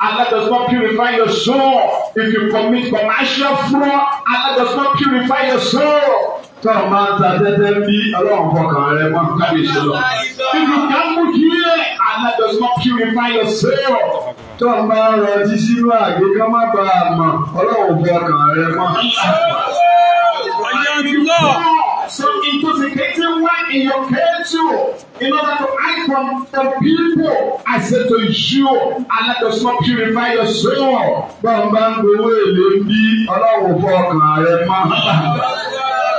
Speaker 1: Allah does not purify your soul. If you commit commercial fraud, Allah does not purify your soul. Tọ́ ọ máa ń ta tẹ́tẹ́ bí ọlọ́run fọkàn rẹ mọ́ kábí ìṣòro. If you gamble here, Allah does not purify your soul. Tọ́ ọ máa ń rọtí sínú àgbé ká má bàa mọ̀ ọlọ́run
Speaker 2: fọkàn rẹ mọ́.
Speaker 1: Ọ̀yẹ́ mi náà. So it was getting when in your culture, in order to hide from the people, I said to you, "I let does not purify your soul. Bàbá ń gbowó èlé bí ọlọ́run fọ ọkàn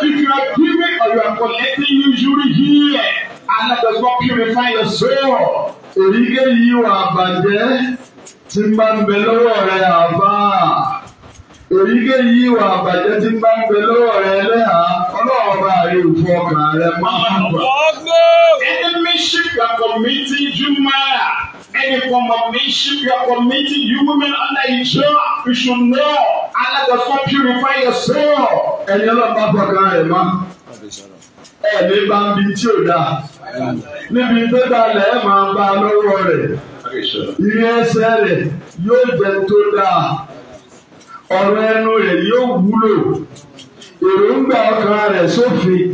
Speaker 1: If you are giving or you are collecting usually here, let does not purify your soul. Èyíkéyìí wà bàjẹ́ tí máa ń bẹ lọ́wọ́ rẹ̀ àbá èyíkéyìí ìwà àbàjẹ́ tí ń bá ń bẹ lọ́wọ́ rẹ lẹ́hà ọlọ́run bá rí ọkàn
Speaker 2: rẹ máa ń gbà.
Speaker 1: Enemyship you are committing human any form of mission you are committing you women under each other you should know Allah does not purify your soul. Ẹ̀yin ọlọ́run bá fọkàn rẹ̀ mọ́. Ẹ̀mí bá ń bi tí ò dáa. Níbi tó dalẹ̀ ẹ̀ máa ń bá a lọ́wọ́ rẹ̀. Ìrẹsẹ̀ rẹ̀ yóò jẹ tó dáa ọ̀rọ̀ ẹnu rẹ̀ yóò wúlò èròǹgbà ọkàn rẹ̀ sófin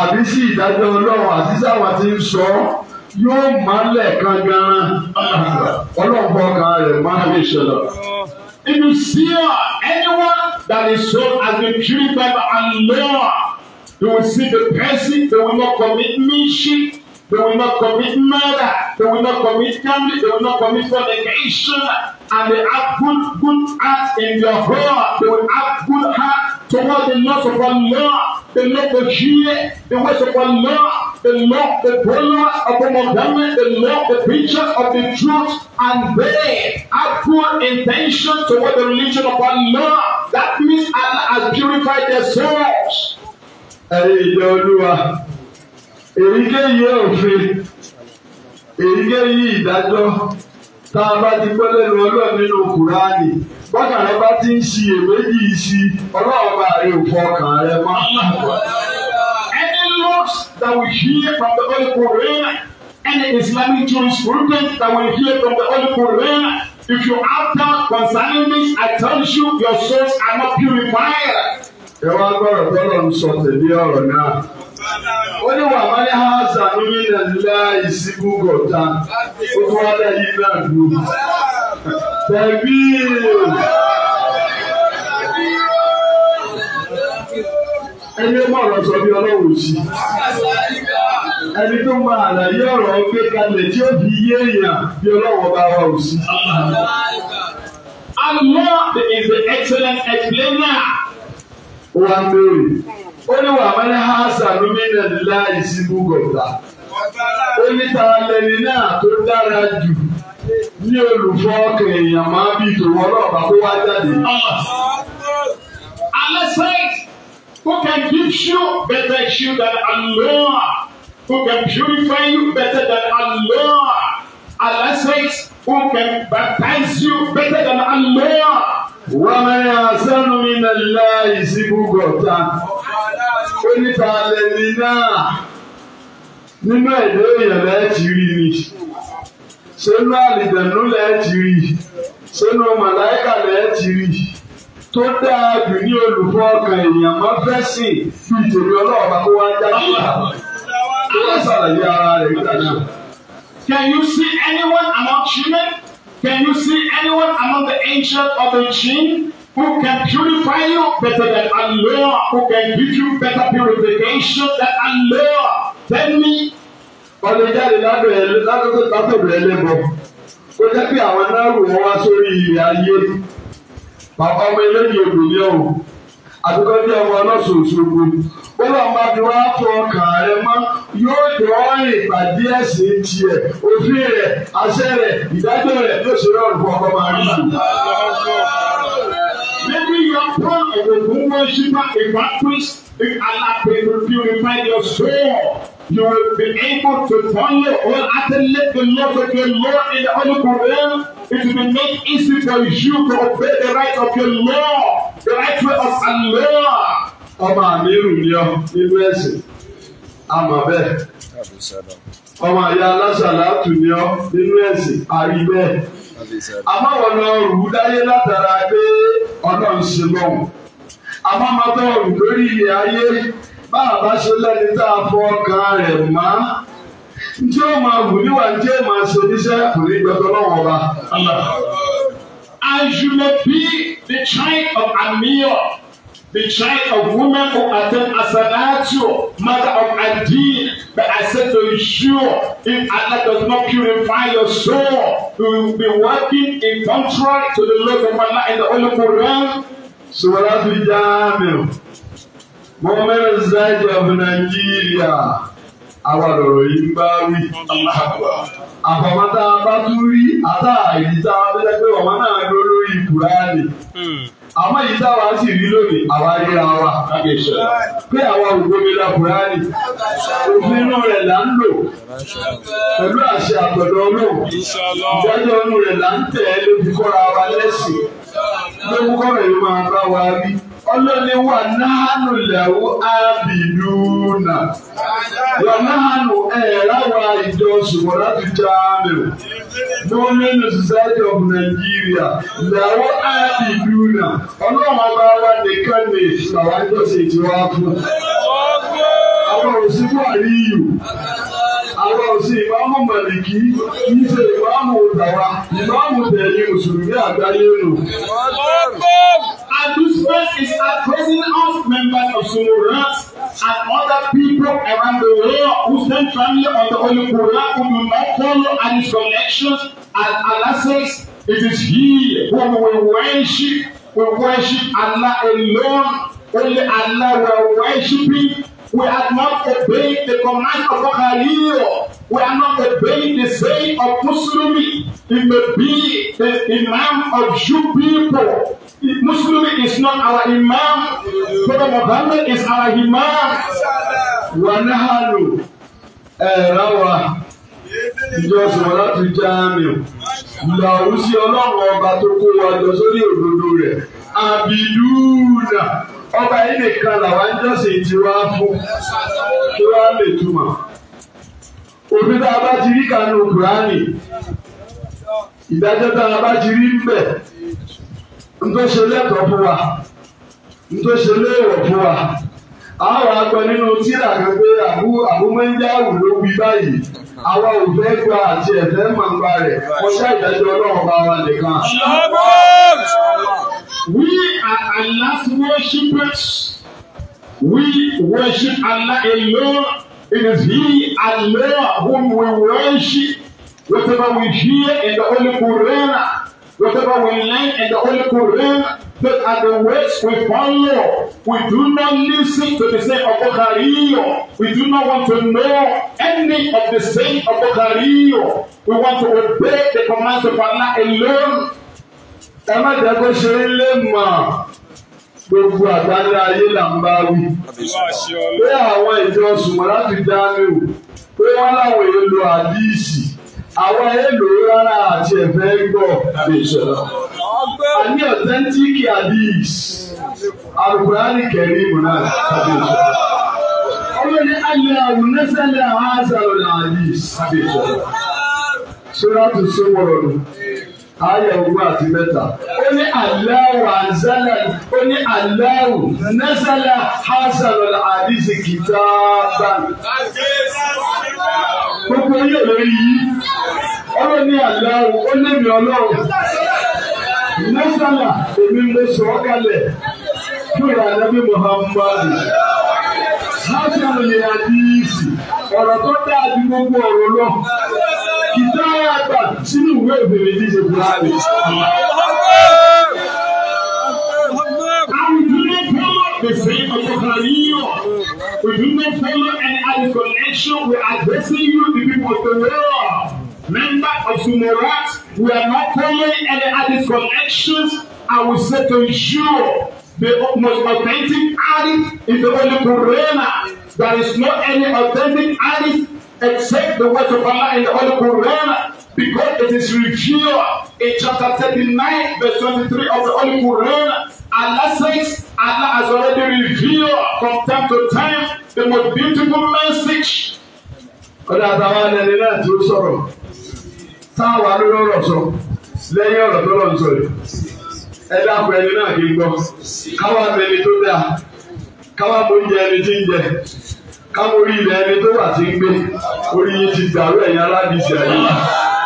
Speaker 1: àbí sí ìdájọ́ ọlọ́run àti sáwọn tí ń sọ yóò mọ́lẹ̀ kan gan-an ọlọ́pàá ọkàn rẹ̀ máa lè ṣẹlẹ̀. If you see anyone that is so as a purified by Allah, you will see the person that will not commit mischief. They will not commit murder. They will not commit crime. They will not commit fornication. And they have good, good heart in their heart. They will have good heart toward the laws of Allah. The love the Shia, the ways of Allah. The love the prayers of the government. The love the preachers of the truth. And they have good intention toward the religion of Allah. That means Allah has purified their souls. Ẹ̀yin ìjọ Olúwa èyíkéyìí òfin èyíkéyìí ìdájọ́ tá a bá ti gbọ́ lẹ́nu ọlọ́run nínú kùránì bọ́kàrẹ́ bá ti ń ṣiyèméjì sí ọlọ́run bá rí òfin ọkàn rẹ mọ́. Any laws that we hear from the Holy Quran, any Islamic jurisprudence that we hear from the Holy Quran, if you act out concerning this, I tell you, your souls are not purified. Ẹ wá gbọ́dọ̀ gbọ́dọ̀ ń sọ tẹ̀lé ọ̀rọ̀ náà ó wà wá ní hausa lórí nàìjíríà ìsìnkú gọ̀ọ̀ta ó tún wá lẹ́yìn náà dúró. tẹ̀bí. ẹni ó mọ̀rọ̀ sọ bí ọlọ́run sí. ẹni tó máa àlàyé ọ̀rọ̀ gbé kalẹ̀ tí ó fi yé èèyàn bí ọlọ́run bá wà ó sí.
Speaker 2: Allah is the excellent
Speaker 1: explainer. Ó wá ń béèrè ó wà wọ́n ní hásà lómìnà láì sí búgọ̀dà ó ní ta lẹni náà tó dára jù ní olùfọ́ kèèyàn máa bí ìtòwọ́ ọlọ́ọ̀bá kó wá jáde. Allah who can give you better shoe than Allah? Who can purify you better than Allah? Allah who can baptize you better than Allah? Wa ma yasanu min Allah isibu gota ó náà nínú ẹ̀dọ́ èèyàn lẹ́ẹ̀tì rí ni sínú àlìdẹ̀nú lẹ́ẹ̀tì rí sínú màláìkà lẹ́ẹ̀tì rí tó dáa jù ní olùkọ́ ọkàn èèyàn máa fẹ́ sìn fi ìtòlú ọlọ́ọ̀bá kó wá dá níta tó wá ṣàlàyé
Speaker 2: ara rẹ̀ níta náà.
Speaker 1: Can you see anyone among children? Can you see anyone among the angels of the jinn? who can purify you better than Allah, who can give you better purification than Allah. Tell me. Ọdún jáde lábẹ́ ẹ̀ lọ́dún látọ̀dọ̀ Ó jẹ́ pé àwọn náà rò wá sórí ilẹ̀ ayé. Bàbá ọmọ eléyìí obìnrin ọ̀hún. Àdúgbò ní ọmọ ọlọ́sùn òṣogbo. Ó lọ máa fi wá fọ ọkàn rẹ mọ́. Yóò jọ rìn pàdé ẹ̀sìn tiẹ̀. Òfin rẹ̀, àṣẹ rẹ̀, ìdájọ́ rẹ̀ yóò ṣe rọrùn fún ọkọ̀ máa rí your prayer with one worshiper, a baptist, if Allah will purify your soul. You will be able to turn your wholeheartedly the laws of your Lord in the Holy Quran. It will make made easy for you to obey the right of your law, the right way of Allah. Ọmọ àmírù ni ọ nínú ẹ̀sìn, àmọ̀ bẹ́ẹ̀. Ọmọ àyà alásàlátù ni ọ nínú ẹ̀sìn, àrí bẹ́ẹ̀ àmọ́ wọn lọ rù ú dáyé látara pé ọlọ́run ṣe lọ́hùn àmọ́ máa lórí ilẹ̀ ayé bá bá ṣe lẹ́ni tá a fọ ọkàn rẹ̀ mọ́ tí ó máa wù níwà tí ó máa ṣe níṣẹ́ kò ní gbẹdọ̀ lọ́wọ́ wa. I should be the child of Amiel. The child of women who attend actual matter of Adin. But I said to you, if Allah does not purify your soul, you will be working in contrary to the laws of Allah and the Holy Quran. Surah Al-Jamil, Muhammad Zaidi of Nigeria. our lọ̀rọ̀ yìí ń bá wí. Àbàmọ́tà bá tún lórí kùránì hmm. àmọ́ yìí táwa sì rí lónìí àwa ríra wa
Speaker 2: pé àwa ò gbómìnira kùránì òfin inú rẹ̀ là ń lò pẹ̀lú àṣẹ àgbọ̀dọ̀ ọlọ́run ìdájọ́
Speaker 1: inú rẹ̀ là ń tẹ̀ ẹ́ lójú kọ́ra wa lẹ́sìn lójú kọ́ra yìí máa bá wa rí ọlọ́ni wà náànù lẹ́wọ́ ábìlúùnà
Speaker 2: wà náànù ẹ̀rá wa
Speaker 1: ìjọ ṣùgbọ́n láti já mi society of Nigeria lẹ́wọ́ ábìlúùnà ọlọ́run ọba wa nìkan ni làwọn ẹjọ́ ṣètì wá àwọn òṣìṣẹ́ wà ní ìlú àwọn òsì ìmáàmù màlìkì kì í ṣe ìmáàmù òtàwà ìmáàmù tẹ̀lé mùsùlùmí àgbáyé lò. Adjustment is addressing us members of Sunurat and other people around the world who stand firmly on the Holy Quran who do not follow any connections and Allah says it is he whom we worship we worship Allah alone only Allah we are worshiping We are not obeying the commands of our leader. We are not obeying the saying of Muslimi. It may be the imam of you people. Muslimi is not our imam. Brother Muhammad is our imam. Wanahalu. Ẹ̀rọ̀wà eh, ìjọsìn wọn láti jáàmù. Ìyá òun sí ọlọ́run ọba tó kó wa jọ sórí òdodo rẹ̀. Àbìlúùnà ọba yìí nìkan làwọn ẹjọ́sìn ti wá fún kí wọ́n lè túmọ̀ òfin tá a bá ti rí kanú kùránì ìdájọ́ tá a bá ti rí mbẹ̀ ntòṣe lẹ́tọ̀ọ́ fún wa ntòṣe léèwọ̀ fún wa àwọn àgbẹ̀ nínú tíra kan pé àbú àbúmọ́njáwù ló wí báyìí àwa ò fẹ́ gba àti ẹ̀fẹ́ màgbà rẹ̀ kọjá ìdájọ́ ọlọ́run bá wa nìkan. We are Allah's worshippers. We worship Allah alone. It is He, Allah, whom we worship. Whatever we hear in the Holy Quran, whatever we learn in the Holy Quran, that are the ways we follow. We do not listen to the saying of Bukhario. We do not want to know any of the saying of Bukhario. We want to obey the commands of Allah alone ẹ má jẹ́ kó ṣe é lé mọ̀ gbogbo àgbáńlá ayé là ń bá
Speaker 2: wí. pé àwọn ìjọ sùnmọ́
Speaker 1: láti dání o pé wọ́n láwọn èèlò àdíìsì àwọn èèlò rárá àti ẹ̀fẹ́ gbọ́ àbẹ̀sọ̀rọ̀. a ní ọ̀tẹ́ntíkì àdíìsì alukùránì kẹ̀rí ìmúná àbẹ̀sọ̀rọ̀. ọlọ́run ní alẹ́ àrùn nẹ́sẹ̀lẹ̀ àwọn àṣà ọ̀nà àdíìsì àbẹ̀sọ̀rọ̀. sọ́dọ̀ tó sọ́wọ́rọ̀ nù ayọ̀ ogún àti mẹ́ta. ó ní aláwọ̀ àzálà ó ní aláwọ̀ nẹ́sàlà hasanul àdìsí kìtà bá. gbogbo yóò lórí yìí ọlọ́run ní aláwọ̀ ó lẹ́mìí ọlọ́run nẹ́sàlà èmi mo sọ ọ́ kalẹ̀ fúra nàbí muhammadu hasanul àdìsí ọ̀rọ̀ tó dáa ju gbogbo ọ̀rọ̀ lọ máa sínú ìwé ìbèrè díje buhari. I We do not follow any other connection. We are addressing you, the people of the world. Member of Sumerat, we are not following any other connections. I will say to you, the most authentic artist is the only Purana. There is no any authentic artist except the words of Allah in the Holy Quran. Because it is revealed in chapter 39, verse 23 of the Holy Quran, Allah says, Allah has already revealed from time to time the most beautiful message. Ọ̀dà àtàwọn ẹni náà tó sọ̀rọ̀ táwọn arúgbó ọ̀rọ̀ sọ lẹ́yìn ọ̀rọ̀ tó lọ́n sọ̀rọ̀ ẹ dákun ẹni náà kí n gbọ́ káwọn abẹni tó dáa káwọn abóúnjẹ ẹni tí ń jẹ káwọn orí ilẹ̀ ẹni tó wà tí ń gbé orí yìí ti dàrú ẹ̀yìn aládìsí ayé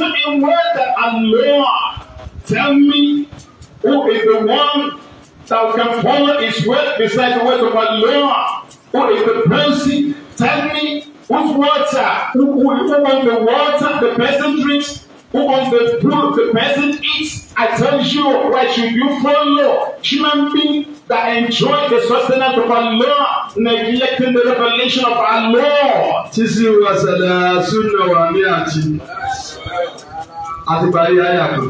Speaker 1: a word that Allah tell me who is the one that can follow his word beside the word of Allah. Who is the person? Tell me whose water, who, who, who the water the person drinks Who wants the food the person eats? I tell you, why should you follow human beings that enjoy the sustenance of Allah, neglecting the revelation of Allah? Títí wa ṣẹlẹ̀ súnà wà ní àti àti parí àyà kan.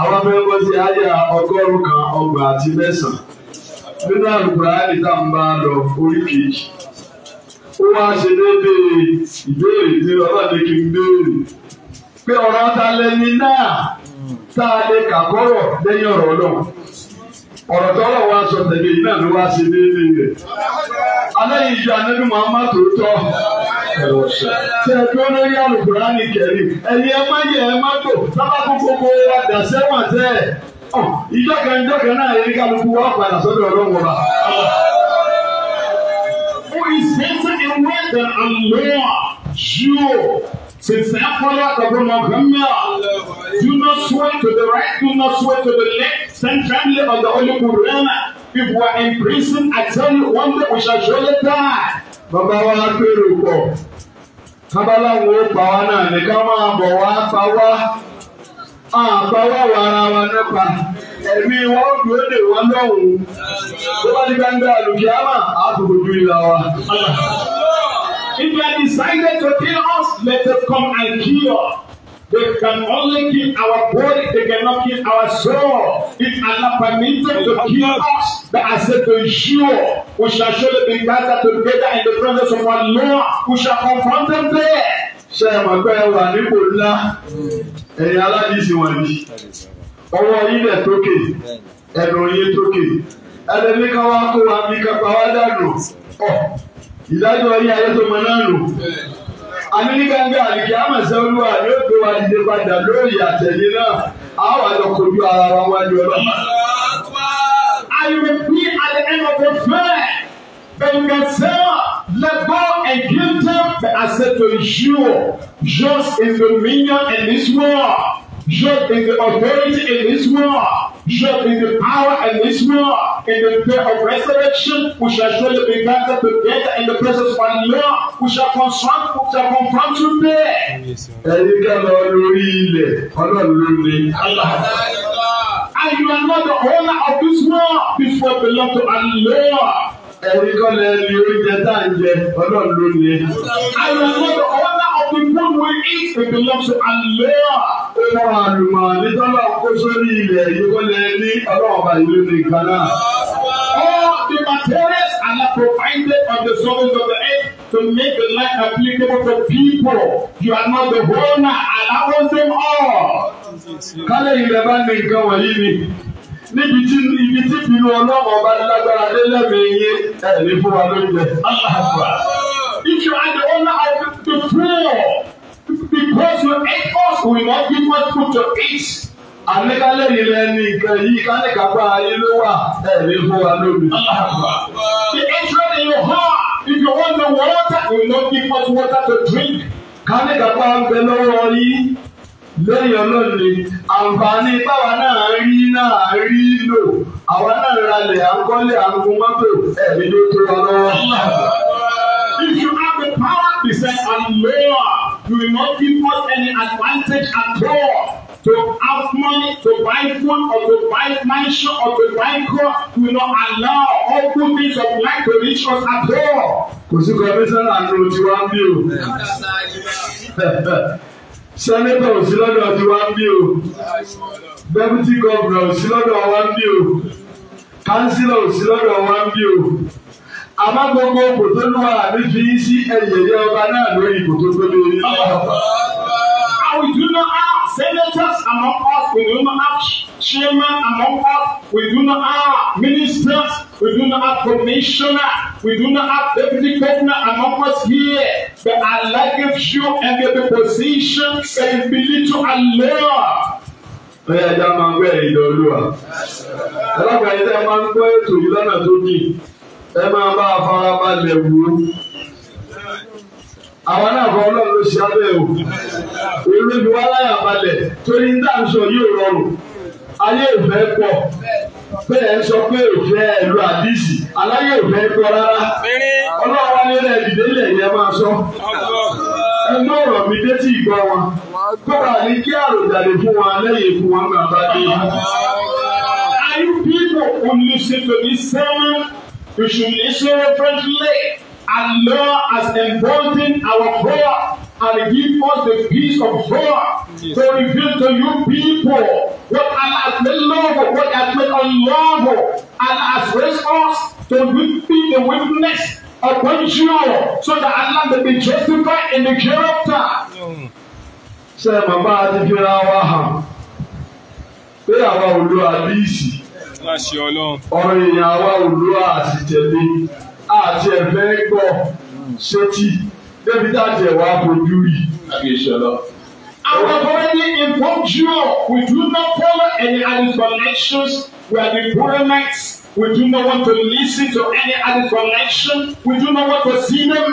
Speaker 1: Àwọn abẹ́wọ́ ti àyà ọgọ́rùn-ún kan ọgbà àti mẹ́sàn-án. Nínú àlùkùrá ìta ń bá lọ orí kejì. Ó wá ṣe déédéé ìbéèrè tí ọlọ́dẹ kì í béèrè pé ọ̀rọ̀ ta lẹ́ni náà tá a lè kàkọ́rọ̀ lẹ́yìn ọ̀rọ̀ náà ọ̀rọ̀ tọ́lọ̀ wa sọ tẹ̀lé iná ló wá sí déédé rẹ̀. alẹ́ yìí ju anabi tó tọ́ ṣe tó lórí alukurani kẹrin ẹ̀yin ẹ má yẹ ẹ má tò lábàkú gbogbo wa dà sẹ́wọ̀n tẹ́ ẹ̀ ìjọ kan ìjọ kan náà yẹ kálukú wa padà sọ́dọ̀ ọlọ́wọ́ wa. Who is better away than Allah? You. Since Aphora Abramagamya, do not sweat to the right, do not sweat to the left, stand firmly on the Holy Quran. If we are in prison, I tell you one day we shall surely die. Bàbá wa pèrò pọ̀, kábàlà wo pa wá náà ní ká máa bọ̀ wá pa wá. Àpá wà wà ara wa nípa. Ẹ̀mí wọn dúró lè wọ́n lọ́hùn-ún. Tó bá ní gbangba àlùkí àmà, àbùkù ju ìlà wa. If you are decided to kill us, let us come and kill us. They can only kill our body, they cannot kill our soul. If Allah permits them to kill us, but I said to ensure we shall surely be gathered together in the presence of our Lord, we shall confront them there. Ṣé ẹ mọ̀ pé ẹ wà nípò ńlá? Ẹ̀yin aládìsí wọ̀nyí. Ọwọ́ ilẹ̀ tókè, ẹ̀dùn yín tókè. Ẹ̀dẹ̀ ní ká wá kó wa bí ká pa wá dànù ìdájọ́ yín ayé tó mọ náà lò. àní ní gbangba àlùkí àmọ̀sẹ́ olúwa yóò gbé wa dìde padà lórí àtẹ̀lé náà a wà lọ kojú ara wa wájú ọlọ́mọ. I will be at the end of the fair. But you can say, let go and give them the asset to ensure just is dominion in this world. Job is the authority in this world. Job is the power in this world. In the day of resurrection, we shall surely be gathered together in the presence of our Lord. We shall confront, we shall confront you there. Ẹ̀yin ká And you are not the owner of this world. This world belongs to our Lord. Ẹ̀yin kọ́ lẹ́ẹ̀ni oúnjẹ tá à ń jẹ, Ọlọ́run ló ní. And you are not the owner the food we eat it belongs to Allah. Ó wà àlùmọ̀ nítorí àkókò sórí ilẹ̀ ìyókòlẹ̀ ní ọlọ́ọ̀bà ìlú nìkan náà. All the materials are not provided on the surface of the earth to make the life applicable for people. You are not the owner, I owns them all. Kálẹ̀ ilẹ̀ bá ní nǹkan wọ̀nyí ni níbi tí ibi tí ìlú ọlọ́mọba lágbára lé lẹ́mìí yín ẹ̀ ní fún wa
Speaker 2: lóúnjẹ. Allah àgbà.
Speaker 1: If you are the owner of the floor, because you ate us, we will not give us food to eat. Àníkálẹ̀ yìí lẹ ní nǹkan yìí kálíkà bá ayé ló wà ẹ̀rí fún wa lómi. The hatred in your heart if you want the water we will not give us water to drink. Kálíkà bá ń bẹ lọ́wọ́ yìí lẹ́yìn ọlọ́ọ̀ni àǹfààní báwa náà rí náà rí lò àwa náà ralẹ̀ à ń kọ́lé à ń tó wa lọ́wọ́.
Speaker 2: He said, and
Speaker 1: more, you will not give us any advantage at all. To have money, to buy food, or to buy mansion, or to buy car, you will not allow all good things of life to reach us at all. Kò sí kọmísánná àdúró tí wàá bí o. Sẹ́nẹ́tọ̀ ò sí lọ́dọ̀ tí wàá bí o. Dẹ́pútì gọ́vùnà ò sí lọ́dọ̀ wàá bí o. Kánsílọ̀ ò sí lọ́dọ̀ wàá bí o àmọ́ gbogbo kòtò lúwa mi fi sí ẹ̀yẹ̀yẹ ọba náà lórí kòtò tó lé ní. And senators among us, we do not have chairman among us, we do not have ministers, we do not have commissioner, we do not have deputy governor among us here. But Allah gives you every position that you believe to Allah.
Speaker 2: Ọyá ẹja máa ń gbé ẹ̀yìn lọ́lúwa.
Speaker 1: Ọlọ́gbà ẹja máa ń gbọ́ ètò yìí lọ́nà tó dì ẹ máa bá a fara balẹ̀ wò Àwọn náà kọ́ ọlọ́run ló ṣe abẹ́ o. Olóbi wa láyà balẹ̀ torí ní dáńsọ yóò rọrùn. Ayé ìfẹ́ pọ̀. Bẹ́ẹ̀ sọ pé òfẹ́ ẹ̀rọ àdìsí. Aláyé ìfẹ́ pọ̀ rárá. Ọlọ́run wa nílẹ̀ ìdílé ilẹ̀ yẹn máa sọ. Ẹnu ọ̀rọ̀ mi dé tí ìgbọ́ wọn. Gbọ́dọ̀ ní kí àròjàre fún wọn lẹ́yìn fún wọn gbàgbá dé. Are you people only say to me, say. We should listen reverently and Lord as emboldened our prayer and give us the peace of God yes. to reveal to you people what Allah has made lawful, what has made unlawful. and has raised us to be the witness upon you so that Allah may be justified in the character. Ṣé bàbá àti fira wa hàn? Pé àwa ò lo àdìsí láṣẹ Ọlọ́run. ọ̀rọ̀ èèyàn àwa òdúrà àti tẹ̀lé àti ẹ̀fẹ́ gbọ́ ṣétì débi dáàtì ẹ̀wà àbójú yìí. Our already informed you, we do not follow any explanations. We are the Puranites. We do not want to listen to any explanation. We do not want to see them.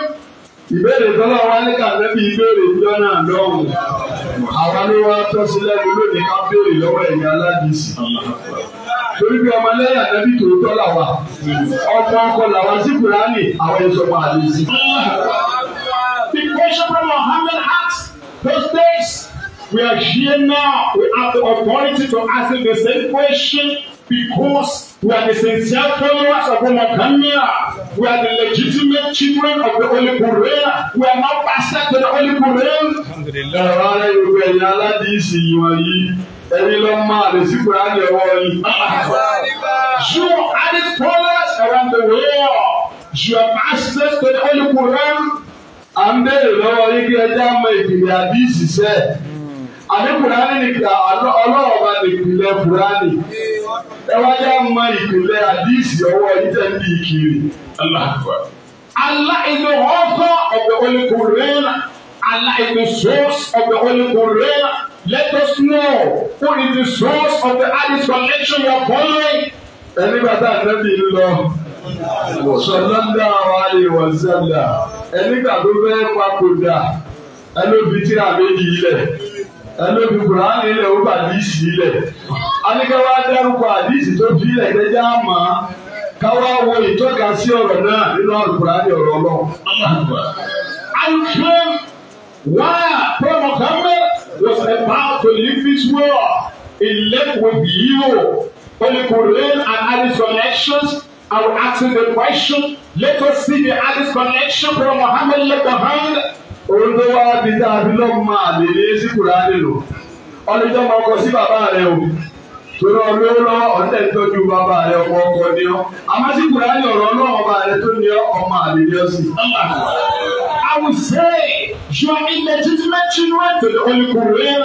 Speaker 1: Ìbéèrè tọ́lá wa ní kàlẹ́ bí ìbéèrè ìjọ náà lọ́hùn. Àwa ló wá tọ́sílẹ̀ lónìí ká béèrè lọ́wọ́ ẹ̀yìn aládìsí torí bí ọmọ lẹ́yìn àtẹ́bí tòótọ́ làwà ọmọ ọkọ làwà sí kùránì àwọn ẹ̀ṣọ́ máa lè sí. The question from Muhammad asked those days we are here now we have the authority to ask the same question because we are the sincere followers of Muhammad we are the legitimate children of the Holy Quran we are now passed to the Holy Quran. ẹ̀rọ ara yorùbá ẹ̀yà aládìsí yìí wọ̀nyí ẹ̀yin ló máa lè sí kúránì ọwọ́ yìí. You are the scholars around the world. You have access to the Holy Quran. À ń béèrè lọ́wọ́ yín kí ẹjẹ́ àmọ́ ìpìlẹ̀ àdìsí sẹ́. Àbí kúránì nìkan ọlọ́run bá lè pìlẹ̀ kúránì. Ẹ wá jẹ́ àmọ́ ìpìlẹ̀ àdìsí ọwọ́ yìí tẹ̀ ní ìkiri. Allah is the author of the Holy Quran. Allah is the source of the Holy Quran. Let us know who is the source of the Hadith collection you are following. Ẹni bàtà àtẹ́bí ń lọ, sọ̀lọ́dà àwárí wọ̀nsẹ̀dà, ẹni gbàgbọ́ fẹ́ papòdà, ẹlóbi tí a méjì ilẹ̀, ẹlóbi Kùránì ilẹ̀ ó bà díìsì ilẹ̀. Aníkàwá dárúkọ àdíìsì tó fi ilẹ̀ tẹ́jà mọ́ káwá wo ìtọ́ka sí ọ̀rọ̀ náà nínú Kùránì ọ̀rọ̀ náà. I came
Speaker 2: While Prophet Muhammad was about
Speaker 1: to leave this world, he left with you Holy Quran and Hadith connections. I will ask you the question. Let us see the Hadith connection from Muhammad left behind. Ohun tó wá bí dáa bí lọ́mọ àlè ní sí Kùránì lò. Ọlọ́jọ́ máa kọ sí bàbá rẹ̀ o torí ọlọ́wọ́ lọ́wọ́ ọ̀tẹ̀ tọ́jú bàbá rẹ ọkọ ọkọ ni ọ́ amásìkò rẹ ayọ̀ ọ̀rọ̀ náà ọba rẹ tó ní ọmọ àlejò sí. I would say you are illegitimate children to the Holy Quran.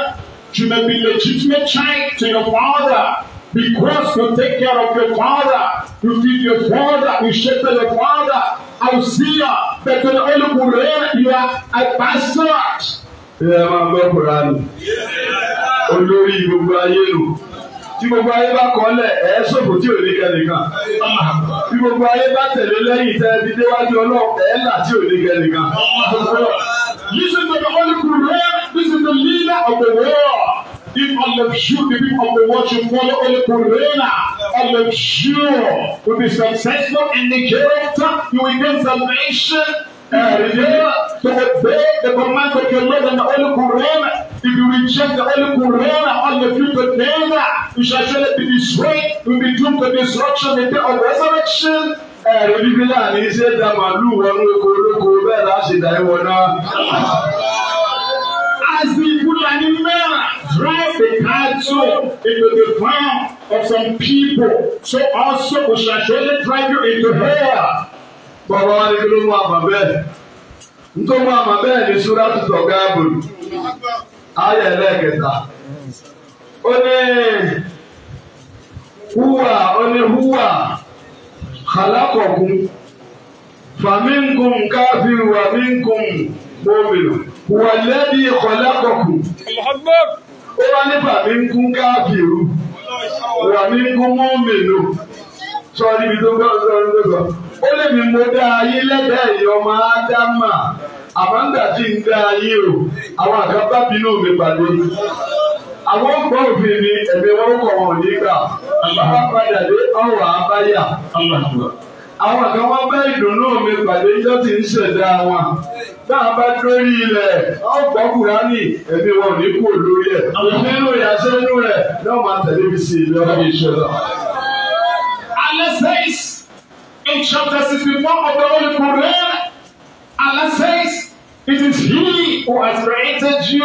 Speaker 1: You may be legitimate child to your father. Because you take care of your father, you feed your father, you shelter your father. I will see you. But to the Holy Quran, you are a bastard. Ẹ máa gbọ́ Kùránì. Olórí gbogbo ayé tí gbogbo ayé bá kọ́ lẹ̀ ẹ́ ṣòfò tí ò ní kẹ́nìkan tí gbogbo ayé bá tẹ̀lé lẹ́yìn tẹ́ ti déwájú ọlọ́ọ̀pẹ́ ẹ̀ là tí ò ní kẹ́nìkan. Listen to the Holy Quran. This is the leader of the world. If Allah should the people of the world should follow Holy Quran, Allah sure will be successful in the character, you will get salvation obey the command of your Lord and the Holy Quran. If you reject the Holy Quran, all the future together, you shall surely be destroyed. You will be doomed to destruction the day of resurrection. Ẹ̀rọ bíbí náà ní ṣé da màlúù wọnú oko olóko bẹ́ẹ̀ láti dà ẹ́ wọná. As Fulani men drive the cattle into the ground of some people, so also we shall surely drive you into hell bàbá wa ni ló mú àmà bẹ́ẹ̀ ntó mú àmà bẹ́ẹ̀ ni sura tutù ọ̀gá àbòlù ayé ẹlẹ́kẹta ó ní húwà ó ní húwà khalaqakum faminkum káfíru wa minkum mu'minu huwa alladhi khalaqakum ó wá ní faminkum káfíru wa minkum mu'minu sọ níbi tó gbọ́ sọ níbi tó gbọ́ ó lè mi mo dá ayé lẹ́dàá ẹ̀yọ́ máa dá mà àmọ́ nígbà tí ń dá ayé o àwọn àkàbá bínú mi pàdé àwọn gbọ́ òfin ni ẹ̀mí wọn kọ̀ wọn nígbà àbá padà dé ọ̀rọ̀ àbáyà àwọn kan wọn bá ìdùnnú mi pàdé jọ́ ti ń ṣẹ̀dá wọn tá a bá dórí ilẹ̀ ọgbà kùránì ẹ̀mí wọn ò ní kú lórí ẹ̀ nínú ìyàsẹ́nu rẹ̀ náà máa tẹ̀lé mi sí ilé ọ̀rọ̀ ìṣẹ̀dá. alẹ́ sẹ́yìn in chapter 64 of the Holy Quran, Allah says, It is He who has created you,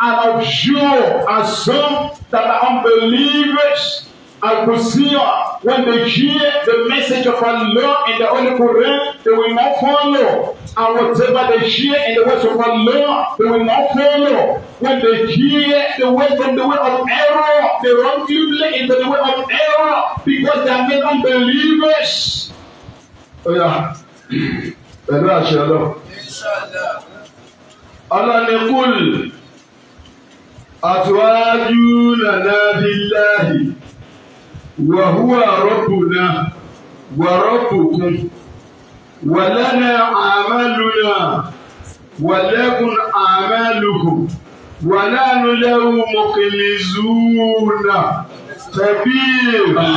Speaker 1: and of you are some that are unbelievers. And Hosea, when they hear the message of Allah and the Holy Quran, they will not follow. And whatever they hear in the words of Allah, they will not follow. When they hear the way from the way of error, they run feebly into the way of error because they are made unbelievers. Oh yeah. Pẹ̀lú àṣẹ ọlọ́. Ọlọ́ni kúl, àtúwájú nàná bíláhì. وهو ربنا وربكم ولنا أعمالنا ولكم أعمالكم ولا له مخلصون خبيرا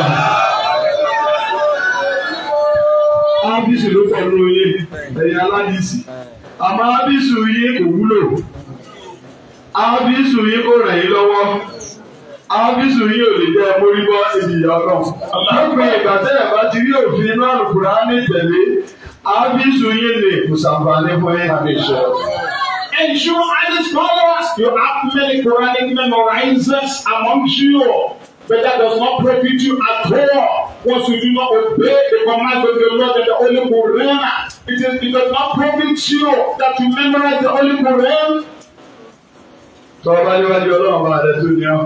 Speaker 1: ábísù ló pọ̀ lórí yé ẹ̀yà aládìsí àmọ́ ábísù yé kò wúlò ábísù yé kò ràn yín lọ́wọ́ àwọn bísù yìí ò lè jẹ́ mórí bọ́ ibi ìyá náà. lópin ìgbà tẹ́ ẹ̀ bá ti rí òfin inú àlùkùrá ní tẹ̀lé àwọn bísù yìí lè kùsàǹfààní fún yín àmì ìṣẹ́. Ensure other scholars you have many Quranic memorizers among you, but that does not profit you at all. Once you do not obey the commands of the Lord and the Holy Quran, it is it does not profit you that you memorize the Holy Quran. Tọ́ba níwájú ọlọ́run bá rẹ̀ tó ní ọ́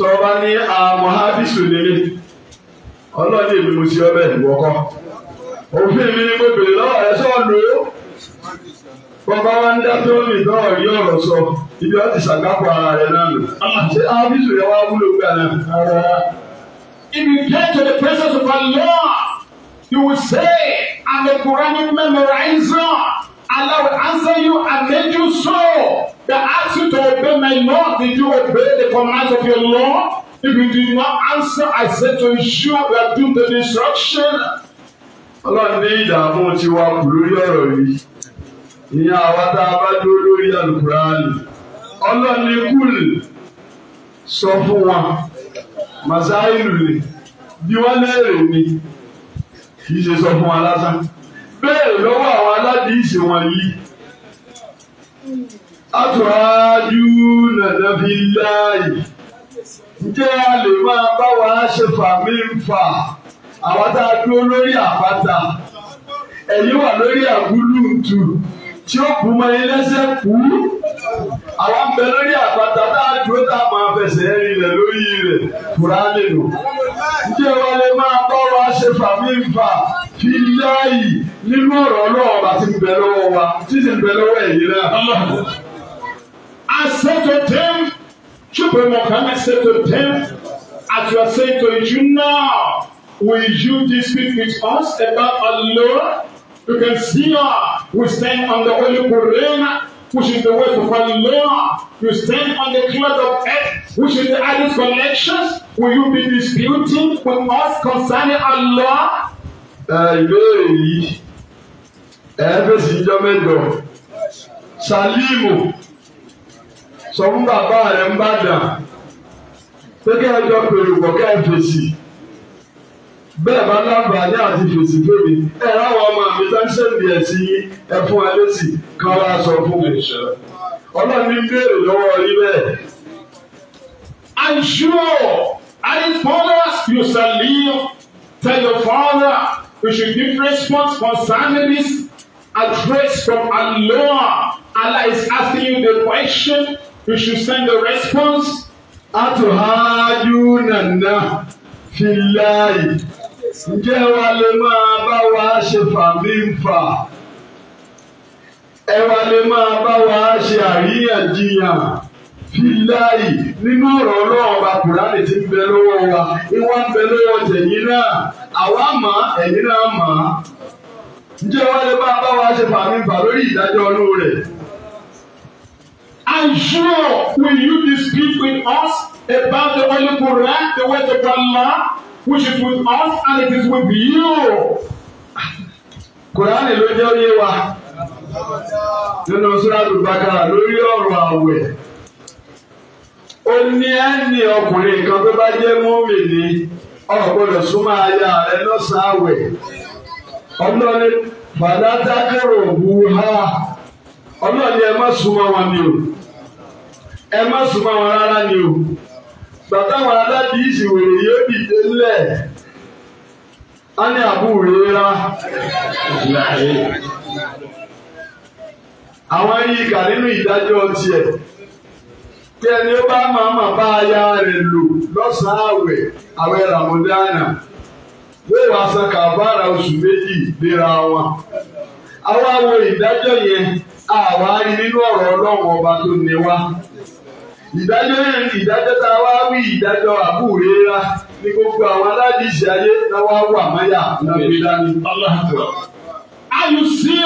Speaker 1: tọ́ba ní àwọn hábísù lélẹ̀ ọlọ́ọ̀ni èmi mo ti ọbẹ̀ ìwọ́kọ́ òfin mi ni mo bèrè lọ́wọ́ rẹ sọ́ọ̀lù bọ́bá wa ń dá tó ń rìn náà rí ọ̀rọ̀ sọ ibi wọn ti ṣàgbápọ̀ ara rẹ náà lò ṣé hábísù yẹn wá wúlò gbà náà. If you get to the presence of Allah, you will say, I'm a Quranic memorizer. Allah will answer you and make you so. They ask you to obey my law. Did you obey the commands of your Lord? If you did not answer, I said to you, we are doomed to destruction. Ọlọ́run ní ìdààmú ti wá lórí ọ̀rọ̀ yìí. Ìyá àwa tá a bá dúró lórí àlùkùránì. Ọlọ́run ní kùlù sọ fún wa. Màsáìlù ni bí wọ́n lérè ni kì í ṣe sọ fún wa lásán bẹ́ẹ̀ lọ́wọ́ àwọn aládìísì wọ̀nyí. Àtúrájú nàdàbí láàyè. Ǹjẹ́ a lè máa bá wa ṣe fàmí ń fà? Àwọn tá a dúró lórí àpáta. Ẹ̀yin wà lórí àgúlùntù tí ó kú mọ ilé ṣe kú.
Speaker 2: Àwọn bẹ lórí àpáta tá a dúró tá a máa fẹsẹ̀
Speaker 1: rìn lórí rẹ̀. Kùránì nù. Ǹjẹ́ wa lè máa bá ṣe fàmífà fi láàyè nínú ọ̀rọ̀ ọlọ́run àti ìbẹ̀ lọ́wọ́ wa tí sì ń bẹ lọ́wọ́ ẹ̀yìn náà. I said to them, Chukwuka Mohammed said to them, as you are saying to you now, will you dispute with us about Allah? You can see us. We stand on the Holy Quran, which is the word of Allah. You stand on the cloud of earth, which is the other connections. Will you be disputing with us concerning Allah? Ìbéèrè yìí, ẹ̀ẹ́dẹ́sì ìjọ mẹ́jọ, Ṣàlímù, sọ fún bàbá rẹ̀ ń bàdàn, pé kí ẹjọ́ pèrò pọ̀ kí ẹ fèsì. Bẹ́ẹ̀ bá láǹfààní àti fèsì lórí, ẹ ráwọn ọmọ mi tó ń ṣèlú ẹ̀ sí ẹ̀fún ẹ lẹ́sì kan sọ fún mi. Ọlọ́run ń béèrè lọ́wọ́ orí bẹ́ẹ̀. I'm sure. And his followers, you shall live. Tell your father, we should give response concerning this address from Allah. Allah is asking you the question. We should send the response. Atuhajunana filai. Ǹjẹ́ wa lè máa bá wa ṣe fàmí ń fà?
Speaker 2: Ẹ wa lè máa bá wa ṣe
Speaker 1: àríyànjiyàn fìláì nínú ọ̀rọ̀ ọlọ́run ọba kùránì ti ń bẹ lọ́wọ́ wa ìwọ́n ń bẹ lọ́wọ́ tẹ̀yìn náà àwa mọ̀ ẹ̀yìn náà mọ̀ ǹjẹ́ wọ́n lè bá bá wa ṣe fàmì fà lórí ìdájọ́ ọlọ́run rẹ̀. I'm sure when you speak with us about the Holy Quran, the way to Allah, which is with us and it is with you. Kùránì ló jẹ́ oyé wa. Nínú Súrà Bàkàrà lórí ọ̀rọ̀ àwẹ̀. ó ní ẹnì ọkùnrin kan tó bá jẹ́ mọ́mì ni ọ̀gbọ́dọ̀ súnmọ́ aya rẹ̀ lọ́sàn-án ha ẹ má wọn ni o ẹ má wọn rárá ni o bàtà wọn adájú ìsìwèrè yóò dìde ńlẹ̀ á ní àbúrò àwọn kà nínú kí ẹni ó bá máa máa bá aya rẹ̀ lò lọ́sàn-án àwẹ̀ àwẹ̀ ràmọ́dánà yóò wá san bára oṣù méjì léra wọn. àwa wo ìdájọ́ yẹn àwa rí ọ̀rọ̀ ọlọ́run ọba tó ní wa. ìdájọ́ yẹn ìdájọ́ tá a wá wí ìdájọ́ àbúrẹ́ra ní gbogbo àwọn aládìsí ayé náà wá wà máyà Are you seeing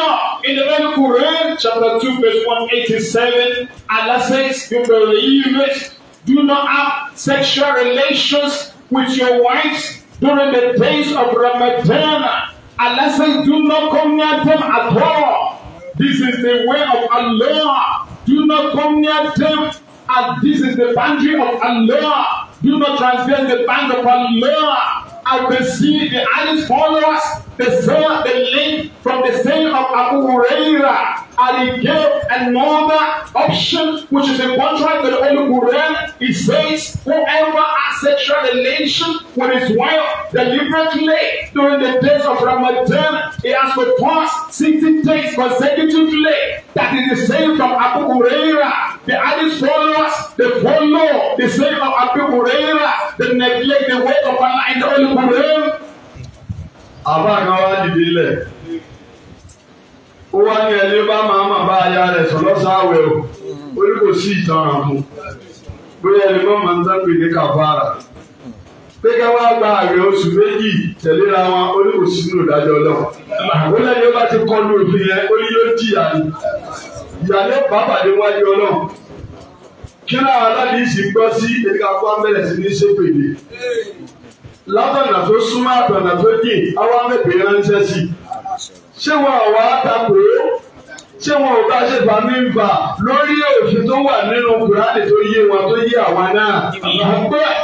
Speaker 1: in the Holy Quran, chapter 2, verse 187, Allah says, You believers, do not have sexual relations with your wives during the days of Ramadan. Allah says, Do not come near them at all. This is the way of Allah. Do not come near them, and this is the boundary of Allah. Do not transgress the boundary of Allah. I will see the Ali's followers, the same, the link from the saying of Abu Hurairah and he gave another option which is in contrast to the Holy Quran. He says, Whoever has sexual relation with his wife deliberately during the days of Ramadan, he has to fast 60 days consecutively. That is the same from Abu Huraira. The other followers, they follow the same of Abu Huraira. They neglect the way of Allah in the Holy Quran. Àbá kan wá dìde ó wá ní ẹni bá máa máa bá aya rẹ̀ sọ lọ́sàáwẹ̀ o ó ní kò sí ìtanràn mu bóyá ẹni bá máa ń dápè ní kàfàrà pé ká wá gba àwẹ̀ oṣù méjì tẹ̀léra wọn ó ní kò sínú ìdájọ́ náà ó lẹ́yìn bá ti kọ́ lu òfin yẹn ó ní yóò jìyà ni ìyàlẹ́ bàbà ní wájú ọlọ́run kí náà aládìsí gbọ́ sí ẹ̀ka fún abẹ́rẹ́ sí ní sẹ́pẹ̀lẹ́ látọ̀nà tó súnmọ́ àtọ̀nà tó dì àwọn amẹ́pẹ̀ẹ́ ránṣẹ́ sí i ṣé wọn ò wá takò ṣé wọn ò bá ṣe bàmíbà lórí òfin tó wà nínú kùránì tó yé wọn tó yé àwọn náà. àgbẹ̀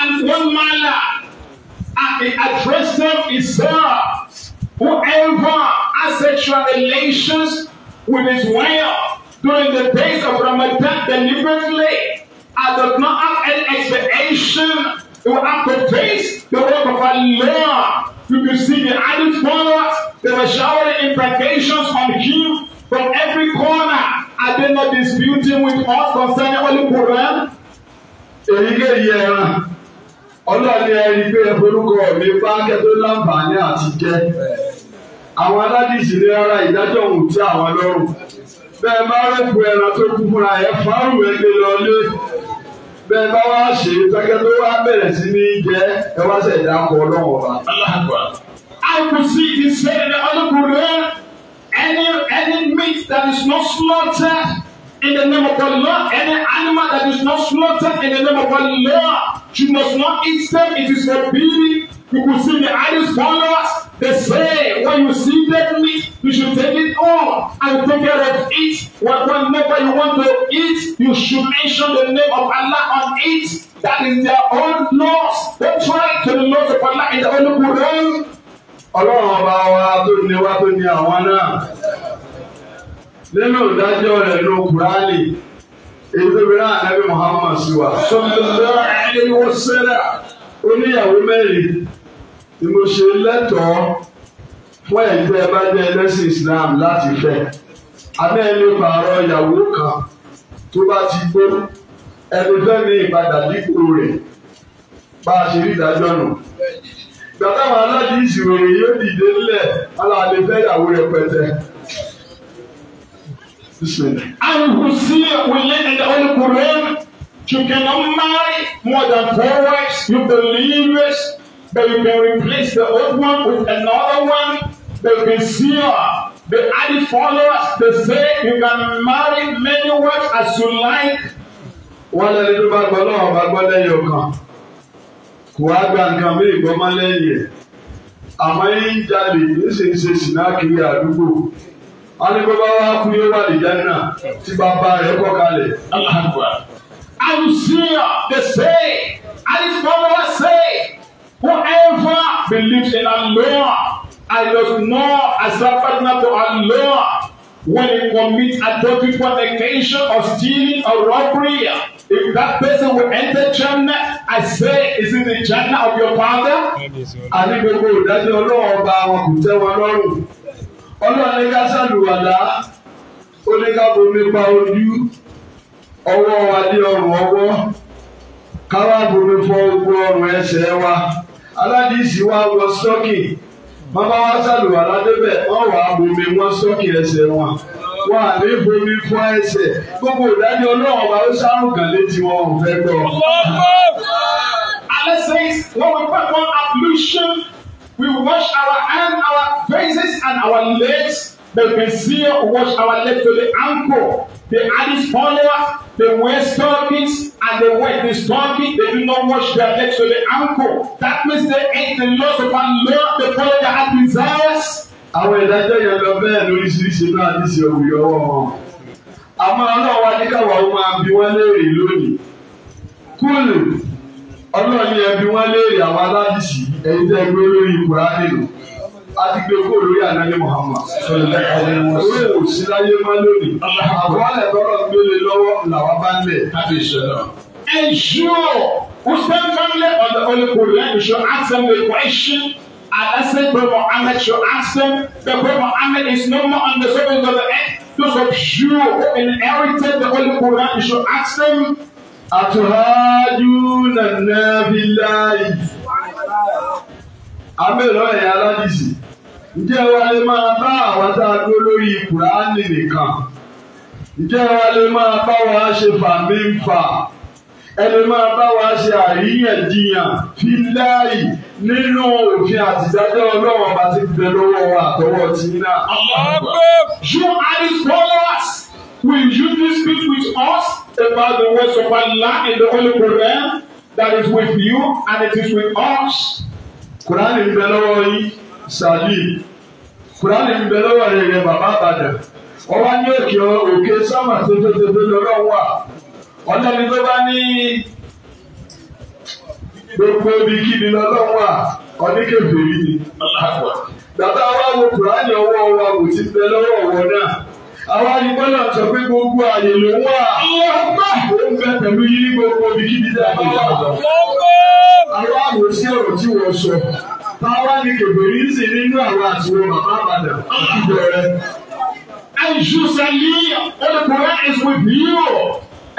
Speaker 1: and one mala and he addressed them is whoever has sexual relations with his wife during the days of Ramadan deliberately and does not have any expectation to have to face the work of a lawyer. You can see the added followers, they were showering imprecations on him from every corner. Are they not disputing with us concerning Holy Quran? Èyíkéyìí ẹran, ọlọ́ọ̀ni ẹ̀rí pé ẹ̀forúkọ mi bá kẹ́tọ́ láǹfààní àti jẹ́. Àwọn aládìsí ní ara ìdájọ́ òun tí àwọn lọ́rùn. Bẹ́ẹ̀ bá rẹ̀ bu ẹran tó kú fúnra ẹ̀ fárùn ẹgbẹ́ lọ lé bẹ́ẹ̀ bá wá ṣe fẹ́kẹ́ tó wá bẹ̀rẹ̀ sí ní jẹ́ ẹ wá ṣe ìdáko ọlọ́wọ́ wa. I could see he said in the other Quran, eh? any any meat that is not slaughtered in the name of Allah. Any animal that is not slaughtered in the name of Allah, you must not eat them. It is forbidden. You could see the Hadith followers, they say, when you see that meat, you should take it all and take care of it. Whenever you want to eat, you should mention the name of Allah on it. That is their own laws. They try to the laws of Allah in the Holy Quran. Ọlọ́run ọba wa tó ní wa tó ní àwọn náà nínú ìdájọ́ rẹ̀ ló kúránì ìdúrà ànábì Muhammad siwa sọmọdé àìníwó sẹ́dà oníyàwó mẹ́rin ni mo ṣe lẹ́tọ̀ọ́ fún ẹ̀jẹ̀ bá jẹ́ ẹlẹ́sìn Islam láti fẹ́ abẹ́ ẹni pààrọ̀ ìyàwó kan tó bá ti gbó ẹni fẹ́ ní ìpadà dípò rẹ̀ bá a ṣe rí ìdájọ́ nù gbàtàwọn aláàjì ìṣirò yìí yóò dìde nílẹ̀ aláàlẹ́ fẹ́ ìyàwó rẹ̀ pẹ̀tẹ́. Bismillah. And who see will lay in the Holy Quran, you cannot marry more than four wives, you believe believers, but you can replace the old one with another one, but you can see her. The added followers, they say you can marry many wives as you like. Wọ́n lè dúró bá gbọ́ lọ́wọ́ bá gbọ́ lẹ́yìn ọkàn. Kò wá gba nǹkan bí ìgbọ́mọ́ lẹ́yìn ẹ̀. Àmọ́ yín jáde ní ṣèṣe ṣìnà àdúgbò alẹ́gbẹ́báwá kú yóò wà lìjáde náà tí bàbá rẹ̀ kọ́ kalẹ̀. I will see the say, and say, whoever believes in Allah and does not a partner to Allah when he commits adultery, fornication, or stealing, or robbery, if that person will enter Jannah, I say, is it the Jannah of your father? Àdìgbò kò dájú ọlọ́wọ́ ọba wọn kò tẹ́ wọn lọ́rùn ọlọ́run ní ká ṣàlùwàlá ó ní ká bomi pa ojú ọwọ́ wa dé ọrùn ọwọ́ ká wá bomi fọ gbogbo ọrùn ẹsẹ̀ wa aládìsí wa wọ sọ́kì bàbá wa ṣàlùwàlá débẹ̀ wọ́n wà á bomi wọ́n sọ́kì ẹsẹ̀ wọn wà á lè bomi fọ ẹsẹ̀ gbogbo ìdájọ́ ọlọ́run ọba ó ṣàrùn kàn létí wọn ò fẹ́ gbọ́. Allah says, when we perform ablution we wash our hand, our faces, and our legs. The vizier wash our legs to the ankle. The add his followers, they wear stockings, and the waist is stocking. They do not wash their legs to the ankle. That means they ate the laws of Allah, The follow their heart desires. Àwọn ìdájọ́ yẹn lọ bẹ́ẹ̀ lóríṣiríṣi náà ní ṣe òwúyọ ọwọ́ Àmọ́ ọlọ́wọ́ adékàwọ̀ ọmọ abiwọlé rè lónìí. Kúlù ọlọ́run ẹbí wọn léèrè àwọn aládìsí ẹni tẹ́ gbé lórí Kùránì lò a ti gbé kó lórí ànáni Muhammad orí èwò láyé má lónìí àkọọ́lẹ̀ tọ́rọ̀ gbélé lọ́wọ́ làwọn bá ń lẹ̀ káfíń sọ̀rọ̀. ensure who stand firmly on the Holy Quran you should ask them the question and ask Prophet Muhammad should ask them the Prophet Muhammad is no more on the surface of the earth those of you who inherited the Holy Quran you should
Speaker 2: ask them àtúhájúnà
Speaker 1: nàbí láàyè. abẹ́rẹ́ ọ̀yà aládìsí ǹjẹ́ wa lè máa bá àwọn tá a dúró lórí kùránì nìkan ǹjẹ́ wa lè máa bá wa ṣe fàmífà ẹ lè máa bá wa ṣe àríyànjiyàn fíláì nínú òfin àtìdájọ́ ọlọ́run ọba ti bẹ lọ́wọ́ wa àtọwọ́ ti ní náà. You are the scholars. Will you dispute with us? about the words of Allah in the Holy Quran that is with you and it is with us. Quran ń bẹ lọ́wọ́ yìí, Sali. Quran ń bẹ lọ́wọ́ rẹ̀ yẹn bàbá àbàdàn. Wọ́n wá ní òkè òkè sámà tètè lọ́rọ̀ wà. Ọlọ́ni tó bá ní gbogbo ibi kíbi lọ́rọ̀ wà, ọ̀níkèbèrè ni. Bàbá wa wo Quran ọwọ́ wa kò ti bẹ lọ́wọ́ ọ̀wọ́ náà. Àwa ni Bọ́lá sọ pé gbogbo àyè ló wà. Ó ń bẹ pẹ̀lú yín ní gbogbo ibikíbi tí a bá wà lọ. Àwa kò ọ̀rọ̀ tí wọ́n sọ. Táwa ni kèbèrè ń sè nínú àwọn àtiwọ́ bàbá àbàdà ìjọ rẹ. Ẹ̀ṣùsàlì olùkọ́lá is with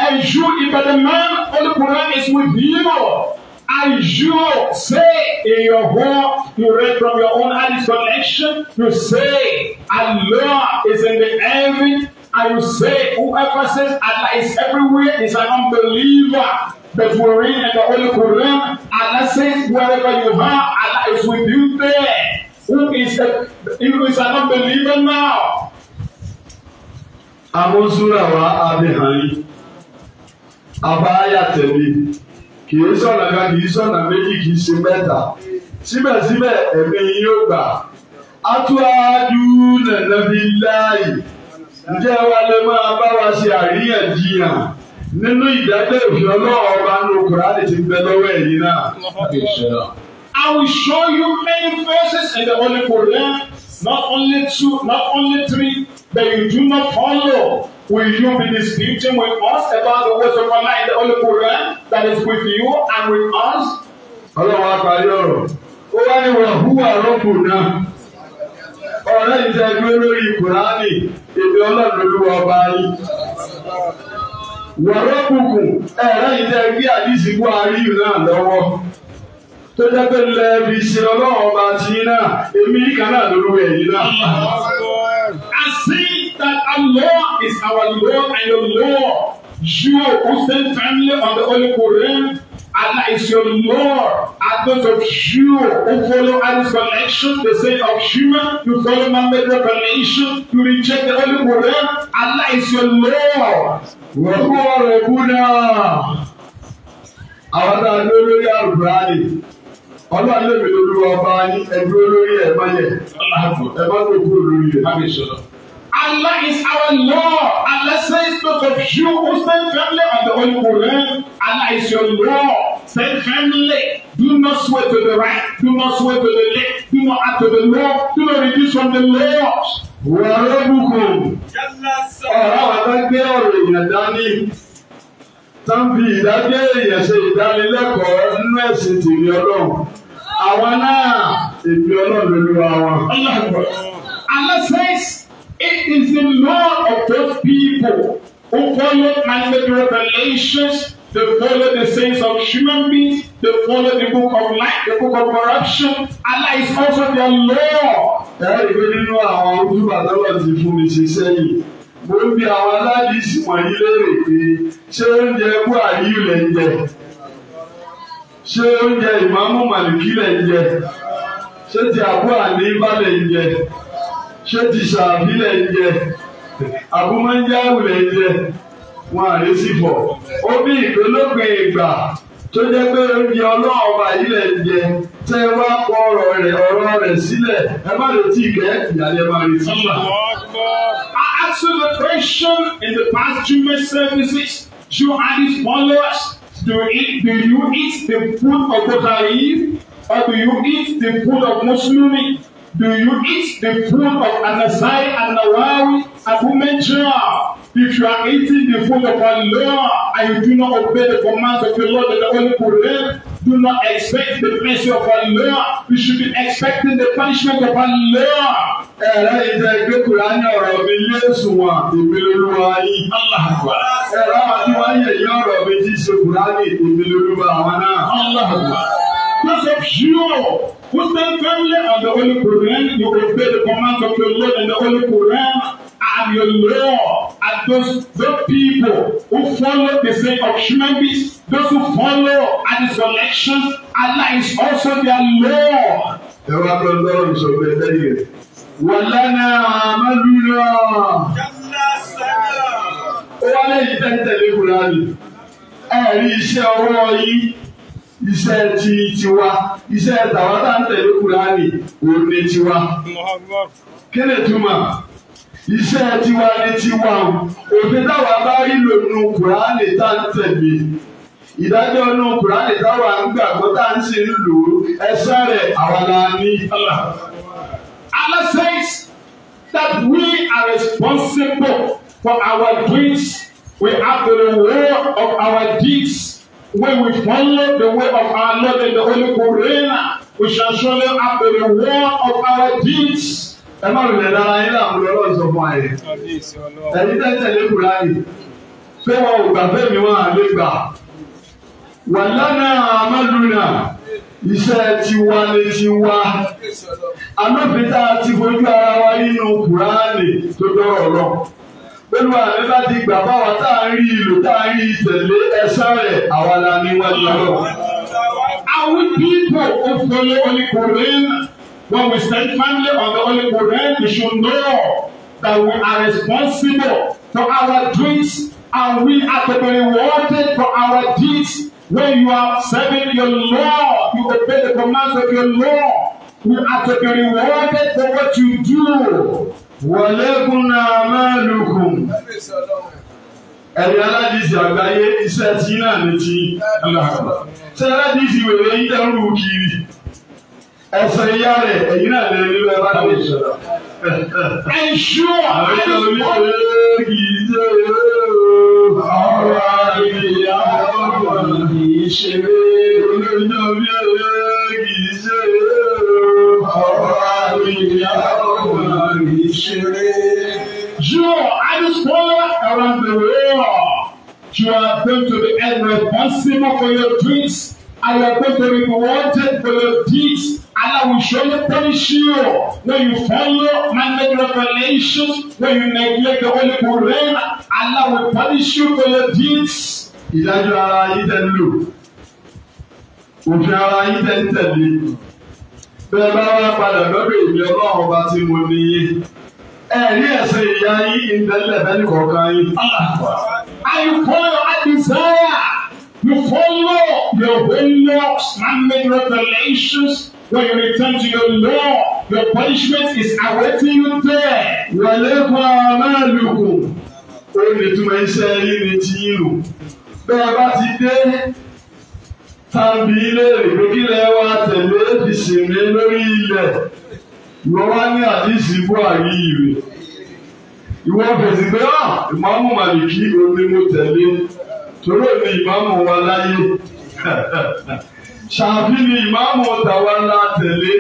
Speaker 1: Ẹ̀ṣù Ìbàdàn mọ́ olùkọ́lá is with you. And you say in your heart, you read from your own Hadith collection, you say, Allah is in the heaven, and you say, whoever says Allah is everywhere is an unbeliever. But we read in the Holy Quran, Allah says, wherever you are, Allah is with you there. Who is, a, who is an unbeliever now? Amosura wa Abihani. Abaya Tẹ̀lé kì sọ̀nà kan kì sọ̀nà méjì kì ṣe mẹ́ta síbẹ̀síbẹ̀ ẹ̀mí yóò gbà atuadu nànàbí láàyè ǹjẹ́ wa lè máa bá wa ṣe àríyànjiyàn nínú ìdájọ́ òfin ọba ní Kùránì ti gbẹ lọ́wọ́ ẹ̀yìn náà. I will show you many verses in the Holy Quran, not only two, not only three. That you do not follow. Will you be disputing with us about the words of Allah in the Holy Quran that is with you and with us? Ọlọ́run àpárí ọ̀rọ̀. Ó wá ní wọ̀n húwà rọ́pò náà. Ọ̀rẹ́ ìjà ìwé lórí Kùránì, èdè ọlọ́run wọ ọba yìí. Wọ̀n rọ́pò kù, ẹ̀rẹ́ ìjà ìwé àdìsí Buhari náà lọ́wọ́ tó jẹ́ pé ńlẹ̀ ibi ìṣe ọlọ́run ọba ti yín náà èmi kan náà ẹ̀yìn náà. I say that Allah is our Lord and your Lord. You who sent family on the Holy Quran, Allah is your Lord. And those of you who follow Allah's collection, the saying of human, you follow man-made revelation, you reject the Holy Quran, Allah is your Lord. Wọ́n kọ́ ọ̀rọ̀ ẹ̀kú náà. Àwọn náà lórí àrùbáyé ọlọ́run lè mi lórí ọba yín ẹ̀dúró lórí ẹ̀ mọ́lẹ̀ ẹ̀ má tó kúrò lórí ẹ̀ má mi sọ̀rọ̀. Allah is our Lord. Allah says those of you who stand firmly on the Holy Quran, Allah is your Lord. Stand firmly. Do not sway to the right. Do not sway to the left. Do not add to the law. Do not reduce from the laws. Wàrẹ́ bùkún.
Speaker 2: Ọ̀rọ̀ àwọn ẹgbẹ́
Speaker 1: ọ̀rọ̀ ìyàdá ní tánfi ìdájọ́ èèyàn ṣe ìdánilẹ́kọ̀ọ́ nínú ẹ̀sìn tìrì ọlọ́run àwọn náà èmi ọlọ́run ló wá wọn. Allah says it is the law of those people who follow climate revelations they follow the sayings of human beings they follow the book of life the book of corruption Allah is also their law. ẹ̀rí pé nínú àwọn ojúbà tó wà ti fún mi ṣe sẹ́yìn mo ń bi àwọn aládìsí wọ̀nyí léèrè pé ṣé oúnjẹ búà yìí lẹ̀ ń jẹ ṣé oúnjẹ ìmáàmù màlìkí lẹ̀ ń jẹ ṣé ti àbúrò àní lẹ̀ ń jẹ ṣé ti ṣàbí lẹ̀ ń jẹ àbúmọ́njáwù lẹ̀ ń jẹ wọn àrè sí bọ̀ ó bí ìpínlógún ìgbà tó jẹ́ pé oúnjẹ ọlọ́run ọba yìí lẹ̀ ń jẹ tẹ́ wá kọ ọ̀rọ̀ rẹ̀ ọ̀rọ̀ rẹ̀ sílẹ̀ ẹ má lè tí ìkẹ́ ìyàlẹ́ máa retí gbà celebration in the past Jumaat services, you and his followers, do you eat, do you eat the food of Kotaib? Or do you eat the food of Muslimi? Do you eat the food of Anasai and Nawawi and who mention If you are eating the food of Allah and you do not obey the commands of the Lord and the only Quran, Do not expect the mercy of Allah. We should be expecting the punishment of Allah. Ẹ̀rọ ìjẹ́ ìgbé Kùránì ọ̀rọ̀ mi Yéésù wà èmi lolúwa yìí. Aláàbà. Ẹ̀rọ àwọn tí wọ́n yẹ̀ yí ọ̀rọ̀ mi ti ṣe Kùránì èmi lolúwa àwọn náà. Because of you who stand firmly on the Holy Quran, you obey the commands of the Lord and the Holy Quran. I'm your Lord. And those, those people who follow the same of human beings, those who follow and his elections, Allah is also their Lord. Ẹ wá lọ lọ́rùn sọ̀rọ̀ ẹ lẹ́yìn rẹ̀. Wàlánà Amálúlá. Ó wá lẹ́yìn tẹ́tẹ̀lé Kùránì. Ẹ̀rí iṣẹ́ ọwọ́ yìí, iṣẹ́ ti tiwa, iṣẹ́ tàwọn tá ń tẹ̀lé Kùránì, òun ni tiwa. Kí ni túmọ̀? iṣẹ́ tiwa ni tiwa o òfin táwa bá rí lò nínú kùránì tá tẹ̀lé ìdájọ́ inú kùránì táwa ń gbàgbọ́ tá ń ṣe ń lò ó ẹsẹ̀ rẹ̀ àwa la ní. Allah says that we are responsible for our deeds we have the reward of our deeds when we follow the way of our Lord and the Holy Quran we shall surely have the reward of our deeds ẹ má lulẹ̀ lára yín láàmú lọ́lọ́ sọ fún ayẹ. ẹ̀yin tẹ́tẹ̀lé kùránì pé wọn ò gbà fẹ́ mi wọn à lè gbà. wà lánàá amádùnà iṣẹ́ tiwa lè tiwa.
Speaker 2: anáfíta ti fojú ara
Speaker 1: wa nínú kùránì tó dọ̀rọ̀ lọ. Pẹ̀lú àlẹ́ bá ti gbà báwa tá a rí ìlò tá a rí ìtẹ̀lé ẹ̀sán rẹ̀ àwa la níwájú lọ. Àwọn pípọ̀ ó fọlé oníkùnrin. When we stand firmly on the Holy Quran, we should know that we are responsible for our deeds and we are to be rewarded for our deeds. When you are serving your Lord, you obey the commands of your Lord. We are to be rewarded for what you do. Walakum amalukum. Ẹ̀yin aládìsí àgbáyé iṣẹ́ tí náà ní ti. Ṣé aládìsí wèrè yín dẹ́rù kiri? ẹsẹ̀ ìyá rẹ̀ ẹ̀yin náà lè rí bẹ́ẹ̀ bá lè sọ̀rọ̀. ẹ̀ṣọ́ àwọn kì í ṣe ọ̀rọ̀ ìyá ọ̀rọ̀ kì í ṣe olóyún bí ọ̀rọ̀ kì í ṣe ọ̀rọ̀ ìyá ọ̀rọ̀ kì í ṣe. Sure, I just want around the world. You are going to be responsible for your dreams. I am going to be rewarded for your deeds, and I will surely punish you when you follow man-made revelations, when you neglect the Holy Quran, Allah will punish you for your deeds. Ìdájọ́ ara yìí tẹ̀ ń lò, òfin ara yìí tẹ̀ ń tẹ̀lé. Bẹ́ẹ̀ bá wá padà lọ́dọ̀ èmi ọlọ́run ọba tí mo ní yé. Ẹ̀rí ẹ̀sìn ìyá yìí ń bẹ́ẹ̀ kọ̀ọ̀kan yìí. I call desire. You follow your windows, man-made revelations. When you return to your law, your punishment is awaiting you there. Wàlẹ́kùn amáàlùkùn, ó lè túmọ̀ iṣẹ́ rírì tí yín o. Bẹ́ẹ̀ bá ti dé, tàbí ilé rèé kí lẹ wá tẹ̀lé ìṣèlè lórí ilẹ̀. Ìwọ wá ní àdísì bó àrí ìrè. Ìwọ bẹ̀sì pé, "Ah, ìmọ̀ àmúmàlì kí mo tẹ̀lé." torí èmi ìmáàmù wa láyé ṣàbí ni ìmáàmù tàwa ńlá tẹ̀lé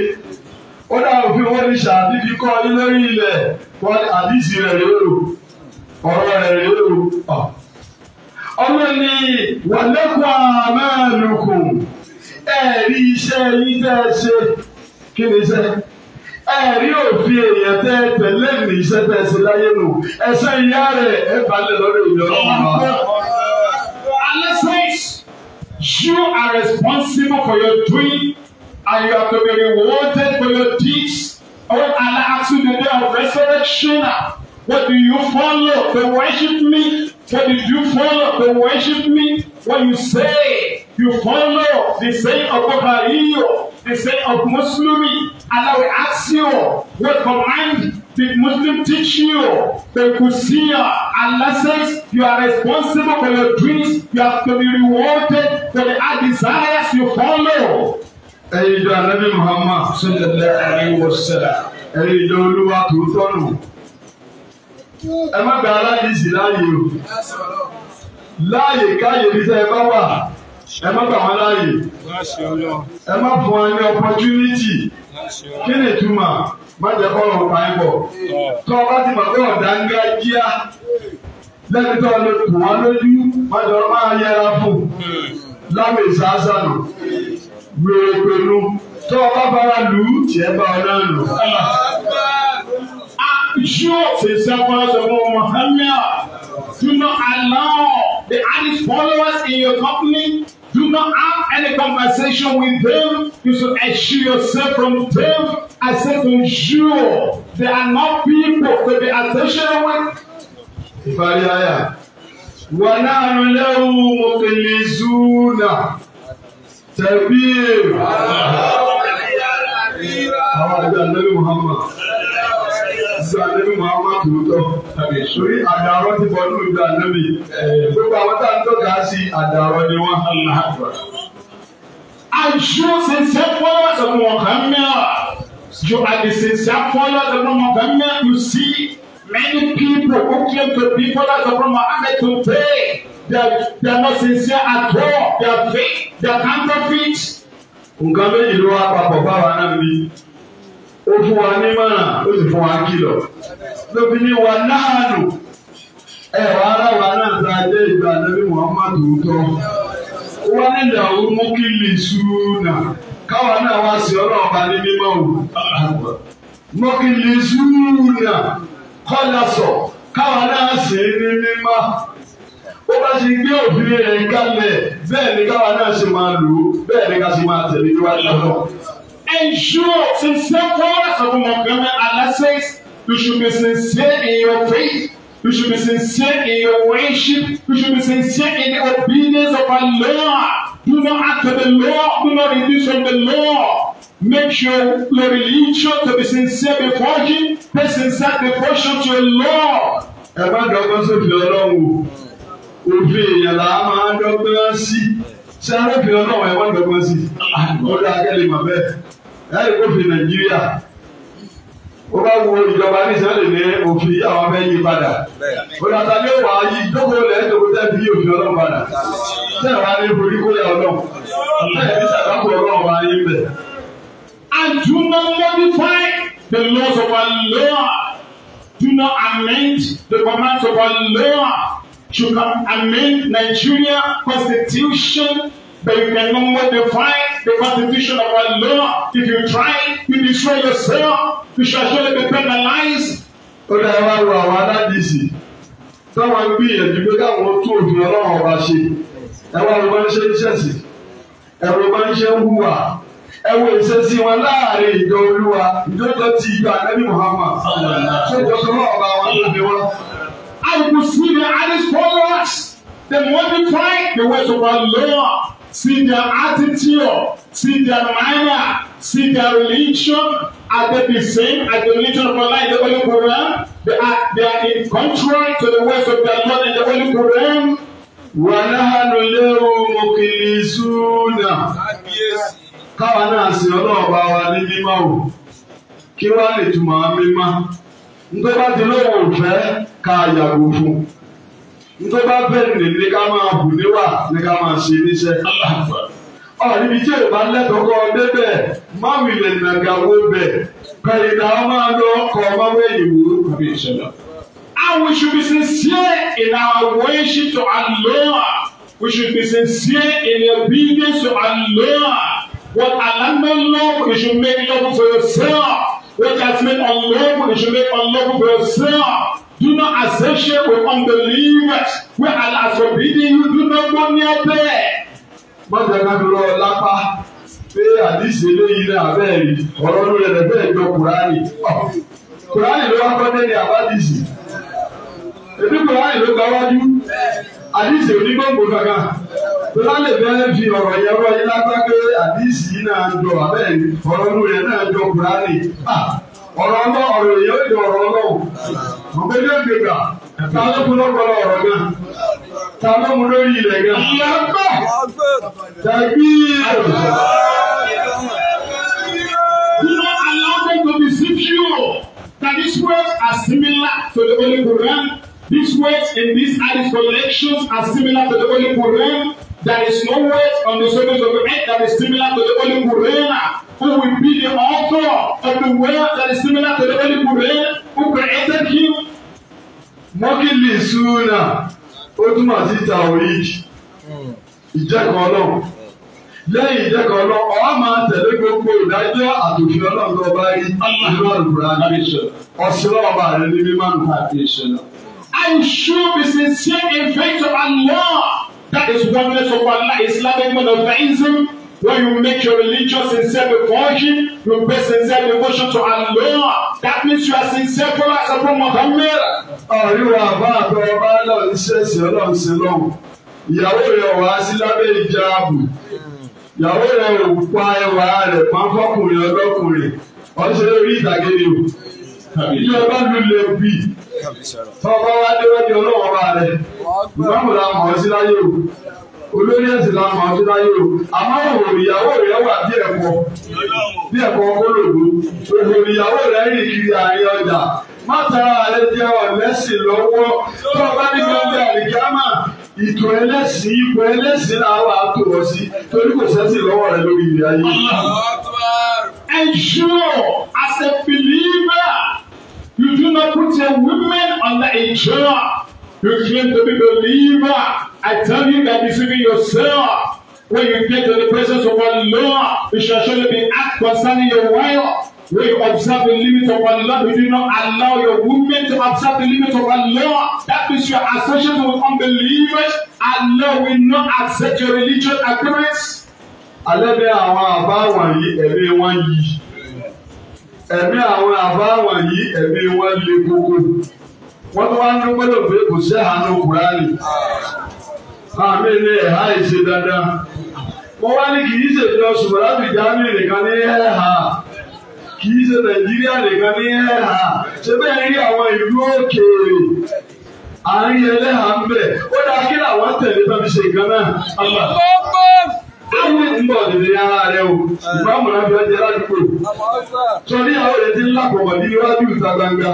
Speaker 1: ó dáa òfin wọ́n ní ṣàbí fi kọ́ ọ lórí ilẹ̀ wọ́n ní àdìsí rẹ̀ lérò ọ̀rọ̀ rẹ̀ lérò ah. ọmọ ni wàlẹ́kùn àmẹ́lùkùn ẹ̀rí iṣẹ́ yín tẹ́ ẹ ṣe kí ni iṣẹ́ ẹ̀rí òfin èèyàn tẹ́ ẹ tẹ̀lé ní iṣẹ́ tẹ́ ẹ ṣe láyé nù ẹ̀ṣẹ́ ìyá rẹ̀ ẹ̀ balẹ̀ lórí ìyọ̀rọ̀ adolescents, you are responsible for your doing and you have to be rewarded for your deeds. When oh, Allah asks you the day of resurrection, what do you follow? They worship me. What did you follow? They worship me. What you say, you follow the saying of Bukhari, the saying of Muslimi. Allah will ask you, what command Did Muslim teach you that you see Allah says you are responsible for your dreams. You have to be rewarded for the desires you follow. Ẹ̀yin ìjọ Anabi Muhammad sallallahu alaihi wasallam. Ẹ̀yin ìjọ Olúwa tó tọ́nu.
Speaker 2: Ẹ má gba aládìsí
Speaker 1: láàyè o. Láàyè káyè bí sẹ́ bá wà ẹ má gbà wọn láàyè ẹ má fún wọn ní opportunity kí ni ìtumọ̀ má jẹ́ kọ́ ọ̀rọ̀ kan bọ̀ tó o bá ti mọ̀ pé ọ̀dà ń gá jíá lẹ́ni tó o lè tù wọ́n lójú má jọ máa yẹra fún láwọn èsì àṣàlù wèrè pẹ̀lú tó o bá bára lù ú tiẹ̀ bá ọ náà lù. Sure, say someone Muhammad, do not allow the honest followers in your company Do not have any conversation with them. You should assure yourself from them. I say to ensure they are not people to be associated with. Ìparí àyà. Wà náà lẹ́wù mo Àwọn àgbà lẹ́wù Muhammad sí ànábì Muhammad tòótọ́ sórí àdàrọ ti bọ nínú ìjọ ànábì gbogbo àwọn tá à ń tọ́ka sí àdàrọ ni wọ́n hàn náà. Àìsùn ṣẹṣẹ fọlá ẹ̀mú ọ̀kan mẹ́ra ju àdìsẹ̀ṣẹ̀ fọlá ẹ̀mú ọ̀kan mẹ́ra you see many people who claim to be followers of Muhammad today they are, they are not sincere at all they are fake they are counterfeit. Nǹkan méjì ló wá papọ̀ báwa náà bí ó fún wa nímọ̀ràn ó sì fún wa kìlọ̀ lóbi ní wa náàlù ẹ wà ara wa náà ta jẹ́ ìgbà nàbí Muhammad tó wá nílẹ̀ ọ̀hún mú kí lè ṣúná káwa náà wá sí ọ̀rọ̀ ọba ní mímọ́ òun mú kí lè ṣúná kọ́lá sọ káwa náà sì ní mímọ́ ó bá ti gbé òfin rẹ̀ kalẹ̀ bẹ́ẹ̀ ni káwa náà ṣe máa lò ó bẹ́ẹ̀ ni ká ṣe máa tẹ̀lé níwájú náà ensure sincere followers of Muhammad. Allah says, you should be sincere in your faith. You should be sincere in your worship. You should be sincere in the obedience of Allah. Do not act the law. Do not reduce from the law. Make sure your religion to be sincere before Him. Be sincere devotion to the law. Ẹ bá dọ́gbọ́n sófin Ọlọ́run o. Òfin èèyàn là á máa dọ́gbọ́n sí. Ṣé arábìnrin Ọlọ́run ẹ dọ́gbọ́n sí? Ọ̀dọ̀ akẹ́lẹ́ mọ̀ bẹ́ẹ̀ láyé kófin nàìjíríà ó bá wo ìjọba nísìnyí lè ní òfin àwọn fẹ́ yí padà ònàtà ni ó wà á yí jókòó tẹ́ fi òfin ọlọ́run padà tẹ́ wàá ní borí kó yà ọlọ́run
Speaker 2: tẹ́ ní sàkápò ọlọ́run wàá yí bẹ̀.
Speaker 1: And do not modify the laws of Allah. Do not amend the commands of Allah. You can amend Nigeria constitution But you can no more define the constitution of our law. If you try, you destroy yourself. You shall surely be penalized. Ó dá ẹ wá wo àwọn aládìsí. Táwọn ń gbìyànjú pé káwọn tún òfin ọlọ́run ọba ṣe. Ẹ wá wo bá ń ṣe iṣẹ́ sí. Ẹ wo bá ń ṣe ń hùwà. Ẹ wo ìṣesí wọn láàrin ìjọ olúwa. Ìjọjọ ti ìjọ Ànábì Muhammad. Ṣé ìjọba ọba wọn ló wá? I will see the Addis followers. They modify the ways of our law see their attitude, see their manner, see their religion. Are they the same as the religion of Allah in the Holy Quran? They are, they are in contrary to the words of their Lord in the Holy Quran. وَنَحْنُ لَهُ مُقْلِسُونَ káwa náà sin ọlọ́run wa ní mímọ́ o kí wàá lè túmọ̀ mímọ́ nítorí bá ti ká yàgò fún un nítorí bá bẹ̀rẹ̀ ní ká máa bù níwà ní ká máa ṣe níṣẹ́. ọ̀rìbí tí èèbá lẹ́tọ̀ọ́kọ́ débẹ̀ máwì lè nàgàwó bẹ̀ kàyìnà máa lọ ọkọ̀ máwé ìwò àbí ìṣẹ̀lẹ̀. And ah, we should be sincere in our worship to Allah. We should be sincere in obedience to Allah. What Allah made you should make love for yourself. What has made unlawful, you should make unlawful for yourself. Do not associate with unbelievers. Where are is forbidding you, do not go near there. Má jẹ́ ká lọ lápá pé àdìsí eléyìí náà bẹ́ẹ̀ ni ọ̀rọ̀ ló rẹ̀ bẹ́ẹ̀ jọ Kùránì. Kùránì ló wá kọ́lé ní àbádìsí. Èmi Kùránì ló gba wájú. Àdìsí onígbòǹgbò kankan. Kùránì bẹ́ẹ̀ fi ọ̀rọ̀ yẹn wọ́n yín lápá pé àdìsí náà jọ abẹ́ẹ̀ ọ̀rọ̀ ló rẹ̀ náà jọ Kùránì ọ̀rọ̀ ọmọ ọ̀rọ̀ èyí ó di ọ̀rọ̀ ọlọ́wọ́ gbogbo ilé ìgbéga ta ló mú lọ́gbọ́lọ́ ọ̀rọ̀ náà ta ló mú lórí ilẹ̀ náà. ìyá tàbí You know, allow them to deceive you that these words are similar to the Holy Quran. These words in these hadith collections are similar to the Holy Quran. There is no words on the surface of the earth that is similar to the Holy Quran who will be the author of the word that is similar to the Holy Quran who created him. Mọ́kìlì Súnà ó túmọ̀ sí Tawhid hmm. ìjẹ́kọ̀ọ́ náà. Lẹ́yìn ìjẹ́kọ̀ọ́ náà, ọ̀rọ̀ máa tẹ̀lé gbogbo ìdájọ́ àtòfin ọlọ́run tó bá rí Alhamdulilayi ọ̀sìn ọba rẹ̀ ní mímọ́ nípa àti ìṣẹ̀lẹ̀. I should be sincere in faith to Allah. That is one lesson of Allah Islamic monotheism. When you make your religion sincere before Him, you pay sincere devotion to Allah. That means you are sincere For followers of Muhammad. Àríwá àbá àbẹ ọba náà ń ṣẹ̀ṣẹ̀ ọlọ́run sí lọ́hùn. Ìyàwó rẹ̀ wá sí lábẹ́ ìjà ààbò. Ìyàwó rẹ̀ ò pa ẹwà rẹ̀ máa ń fọkùnrin ọlọ́kùnrin. Ọ̀ṣẹ́ orí ìtàgé ni o. Ìjọ ọba lulẹ̀ bì.
Speaker 2: Tọ́ba wá déwájú ọlọ́wọ́ bá rẹ̀. Ìgbàmùlà mọ̀ ọ́ sí
Speaker 1: láyé o olórí ẹ̀sìn náà máa tún láyé o àmọ́ ìyàwó rẹ̀ wà bí ẹ̀kọ́ bí ẹ̀kọ́ kólògbó òòrùn ìyàwó rẹ̀ rìn kiri àárín ọjà má tara rẹ jẹ ọ̀lẹ́sìn lọ́wọ́ tó o bá ní gbọ́dọ̀ àlìkámà ìtò ẹlẹ́sìn ipò ẹlẹ́sìn làwọn àtò wọ́n sí torí kò sẹ́sìn lọ́wọ́ rẹ lórí ilé ayé. Ensure as a believer you do not put a woman under a chair. You claim to be believer. I tell you that deceiving yourself. When you get to the presence of Allah, you shall surely be asked concerning your wife. When you observe the limits of Allah, you do not allow your women to observe the limits of Allah. That means your association with unbelievers. Allah will not accept your religious agreements. Alẹ́bẹ̀ àwọn àbá wọ̀nyí ẹ̀mí wọn yìí. Ẹ̀mí àwọn àbá wọ̀nyí ẹ̀mí wọn le koko wọ́n tún wá ń dúpẹ́ lò pé kò sí àánú kùránì àmì ilé ẹ̀há ìṣe dandan wọ́n wá ní kì í ṣe ìjọ ṣùgbọ́n láti jáde nìkan ní ẹ̀há kì í ṣe nàìjíríà nìkan ní ẹ̀há ṣé bẹ́ẹ̀ rí àwọn ìlú òkèèrè àárín ẹlẹ́hà ń bẹ̀ ó dáa kí làwọn tẹ̀lé tó fi ṣe nǹkan náà. Ewu ń bọ̀ nílé ara rẹ o, ìgbà mọ̀nà bí ọjà ládùúgbò.
Speaker 2: Sọ ní àwọn èdè ńlá kọ̀ọ̀kan ní
Speaker 1: iwájú ìta gbangba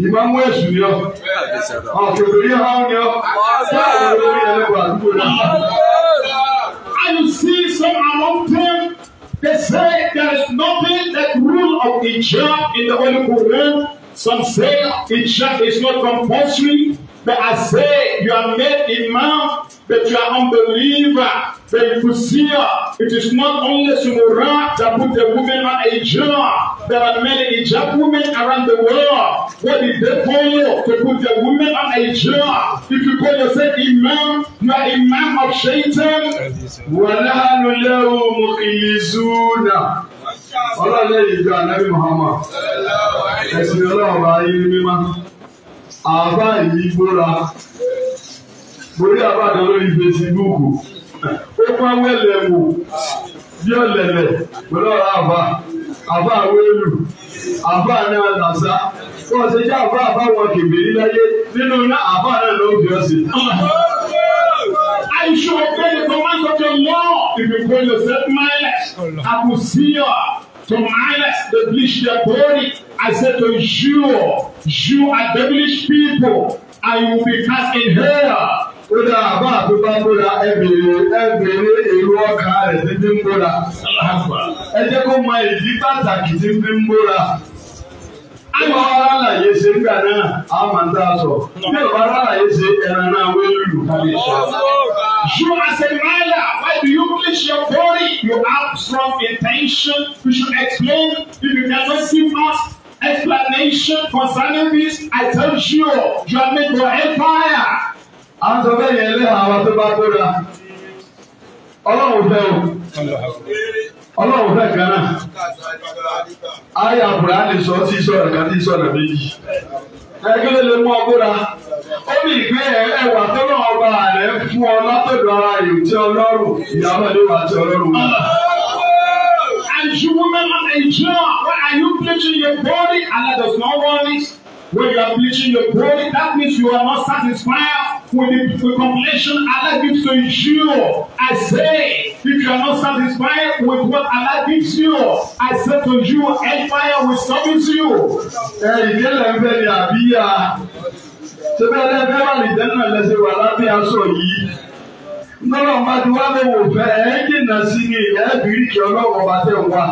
Speaker 1: ìmọ̀mú èsù ni ọ́
Speaker 2: ọ̀pẹ̀lẹ̀ yìí hàn ni ọ́ sáà lórí
Speaker 1: ẹlẹ́gbẹ̀ẹ́ àdúgbò náà. And you see some among them, they say there is nothing that rule of the church in the Holy Quran. Some say the church is not compulsory. But I say, you are made imam, but you are unbeliever, but you see her. It is not only Sumura that put the woman on a jar. There are many hijab women around the world.
Speaker 2: Where did they
Speaker 1: follow to put the woman on a jar? If you call yourself imam, you are imam of shaitan. وَلَهَنُ لَهُ ìjọ ànábì Muhammad. Ẹ̀sìn ọlọ́run bá yí mímá àbá yìí gbóra borí àbàdàn lórí fesibúùkù ó máa wẹ̀lẹ̀ bí ọ̀lẹ̀lẹ̀ pẹ̀lú ọ̀rọ̀ àbá àbá wẹ́lù àbá náà làṣà kó o ṣe jẹ́ àbá àbá wọn kèbèrè láyé nínú iná àbá náà ló bí ọ sí.
Speaker 2: I shall obey the commands of the
Speaker 1: law. If you go yourself, my I will see you. To minus the bleach their glory. I said to you, you are devilish people, and you will be cast in hell. ó dá àbá àtúbá múra ẹbèrè ẹbèrè èrò ọkà rẹ̀ ti ń múra. ẹ jẹ́ kó mọ ìdí pàtàkì ti ń múra. Àwọn aráàlàyé ṣe ń gbà náà, a máa ń dá sọ. Bí àwọn aráàlàyé ṣe ẹran náà wé lùlù kálí ìta. You as a mother, why do you please your body? You have strong intention. You should explain. If you never see fast, explanation concerning this, I tell you, you are made for empire. Àwọn sọ bẹ́ẹ̀ yẹn lé àwọn tó bá ọlọ́run fẹ́ o ọlọ́run fẹ́ gánà ayé àbúrò á lè sọ sí sọ̀rọ̀ kan ní sọ̀rọ̀ méjì ẹgbẹ́ lè mú ọgbóra ó bí ìgbé ẹwà tó náà ọba rẹ̀ fún ọ látọ̀dọ̀ ara rẹ̀ tí ọlọ́run ìyàwó lè wà tí ọlọ́run wà. As you women of Nigeria, where are you placing your body? Allah does not want it. When you are bleaching your body, that means you are not satisfied with the, the completion Allah gives to you. I say, if you are not satisfied with what Allah gives you, I say to you, empire will submit to you. Ẹ̀rìndé lẹ́gbẹ̀ẹ́ ni àbíyá. Ṣé bẹ́ẹ̀ lẹ́gbẹ̀ẹ́ wà lè dẹ́nà lẹ́sẹ̀ wà lábẹ́ aṣọ yìí? Nọ́lọ̀ máa ti lè wò fẹ́ ẹ̀ ń dènà sí ni ẹ̀ẹ́dìrí kí ọlọ́wọ́ bá tẹ̀ wá.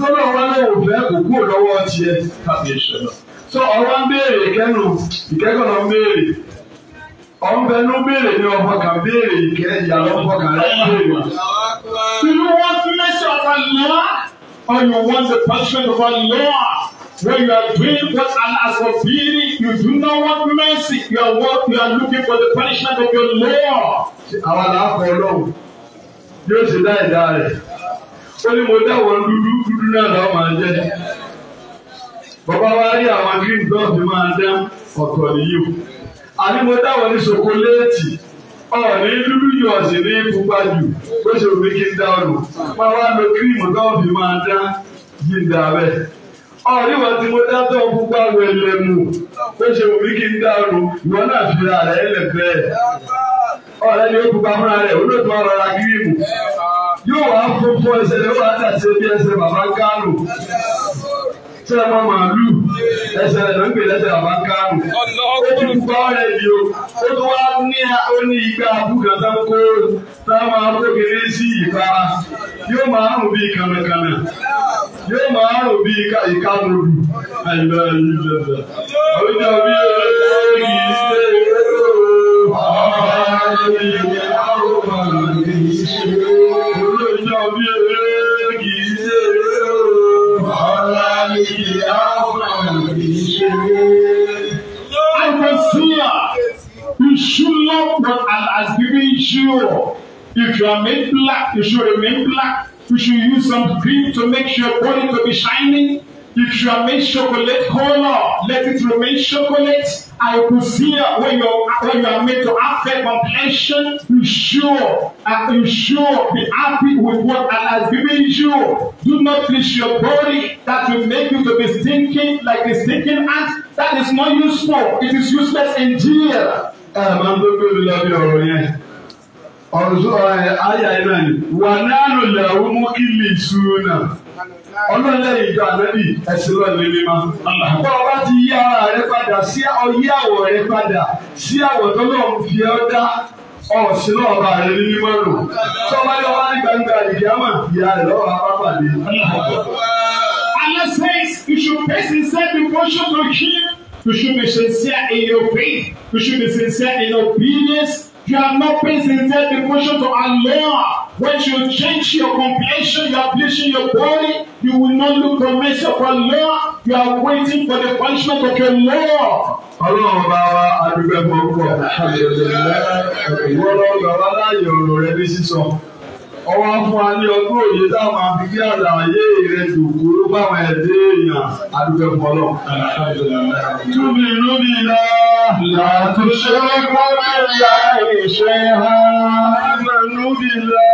Speaker 1: Nọ́lọ̀ wá lè wò fẹ́ kò lọ́wọ́ tiẹ̀. Kábíyèsí náà so ọwọ́ ń béèrè ìkẹ́nu ìkẹ́kọ̀ọ́ lọ ń béèrè ọ̀nbẹ béèrè ní ọ̀pọ̀ kan béèrè ìkẹ́ ìyàwó ọ̀pọ̀ kan béèrè. Do you want the measure of Allah or you want the punishment of Allah? When you are doing what Allah has forbidden, you do not want mercy. You are what you are looking for the punishment of your Lord. Àwọn àlàáfọ̀ ọlọ́run yóò ṣe dá ìdá rẹ̀. Ó ní mo dáwọ̀ dúdú dúdú náà lọ́wọ́ máa jẹ́. bàbá wa rí àwọn green dot máa dán ọ̀tọ̀ nìyí o mo wọ̀ ní ọ ọ̀ọ̀ni dúdú yìí ọ̀sìn ní pupa jù bó ṣe omi kí n dá ọ̀nà máa wá lo kírìmù dọ́ọ̀bì máa dá yìí dá bẹ́ẹ̀ wọn mo dá tó mu bó ṣe omi kí n dá ọ̀nà ìwọ náà fi yóò
Speaker 2: fúnra rẹ̀ olóòtú máa rọra yóò wá fún fún ẹsẹ̀ ṣé ẹ máa màálù ẹsẹ̀
Speaker 1: rẹ̀ ló ń pè lẹ́sẹ̀ àbá kárùn. ó ti gbọ́ rẹ̀ di o ó tún wá ní ó ní igbá abúgà tá kó tá máa kókèrè sí ìpara yóò máa rùn bíi kànàkànà yóò máa rùn bíi ìkànnòdù àyìnbá yìí lọ́dọ̀. ó jọ bí olórí ṣe ọ̀rọ̀ àyè àwọn
Speaker 2: ọmọ rẹ̀ ṣe
Speaker 1: olórí jọ bí olórí. I can see her. You should love what Allah has given you. If you are made black, you should remain black. You should use some cream to make your body to be shining. If you are made chocolate, color, let it remain chocolate. I could see when you when you are made to affect completion. you sure uh, you sure be happy with what Allah has given you. Do not please your body that will make you to be stinking like a stinking ant. That is not useful. It is useless in jail. Ẹ máa ń dókè mi lọ ọ̀rọ̀ yẹn. Ọ̀rọ̀ sọ̀rọ̀ ayé ayé náà ni. Wà náà lò mú kí lè sùn náà ọlọ́lẹ̀ ìjọ ànábì ẹ̀sìn lọ lè mímọ́. bọ́ ọ bá ti yí ara rẹ padà sí ọyí àwọ̀ rẹ padà sí àwọ̀ tó lọ́ọ̀ fi ọ́ dá ọ̀sìn náà bá rẹ ní mímọ́ nù. sọ́ba yọ wá ní gbangba ìyámọ̀ ìyá rẹ̀ lọ́wọ́ apápàdé. Allah says you should face inside the portion of him. You should be sincere in your faith. You should be sincere in your obedience. You are not paid sincere devotion to Allah. When you change your complexion, you are bleaching your body, you will not look the mercy of Allah. You are waiting for the punishment of your Lord.
Speaker 2: Ọlọ́run bá wa adúgbò ẹ̀fọ́ púpọ̀.
Speaker 1: Ìwọ́n lọ́ọ́ gbà wá láàyè ọ̀rọ̀ rẹ ní sísọ ọwọ́ fún wa ní ọdún òye táwọn abigbé àlàyé rẹ̀ dòkó ló bá wọn ẹ̀dẹ́ èèyàn adúgbò fọlọ́. túbí ìlú mi la làtúnṣe gbọ́dọ̀ ìyá ìṣe ha. àmàlú mi la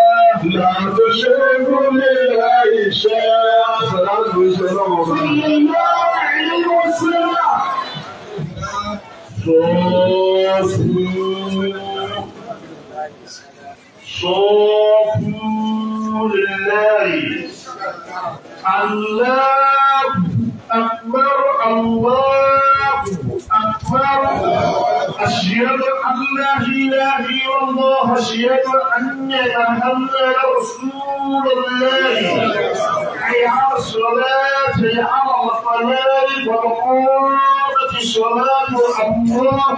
Speaker 1: làtúnṣe gbọ́dọ̀ ìyá ìṣe ha. sàlámù ìṣe lọ́wọ́ bá. ìyá ìlú sílá. sọ́ọ́sì. صافون الله الله أكبر الله أكبر أشهد أن لا إله إلا الله أشهد أن محمد رسول الله حي على الصلاة حي على الفلاح وقامت الصلاة الله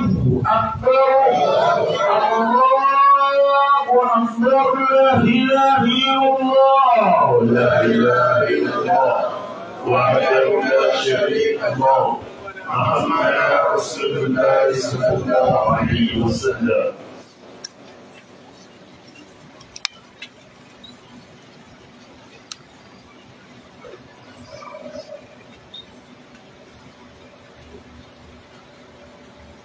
Speaker 1: أكبر الله أكبر لا إله إلا الله
Speaker 2: لا إله إلا الله وحده لا شريك له محمد رسول الله صلى الله عليه وسلم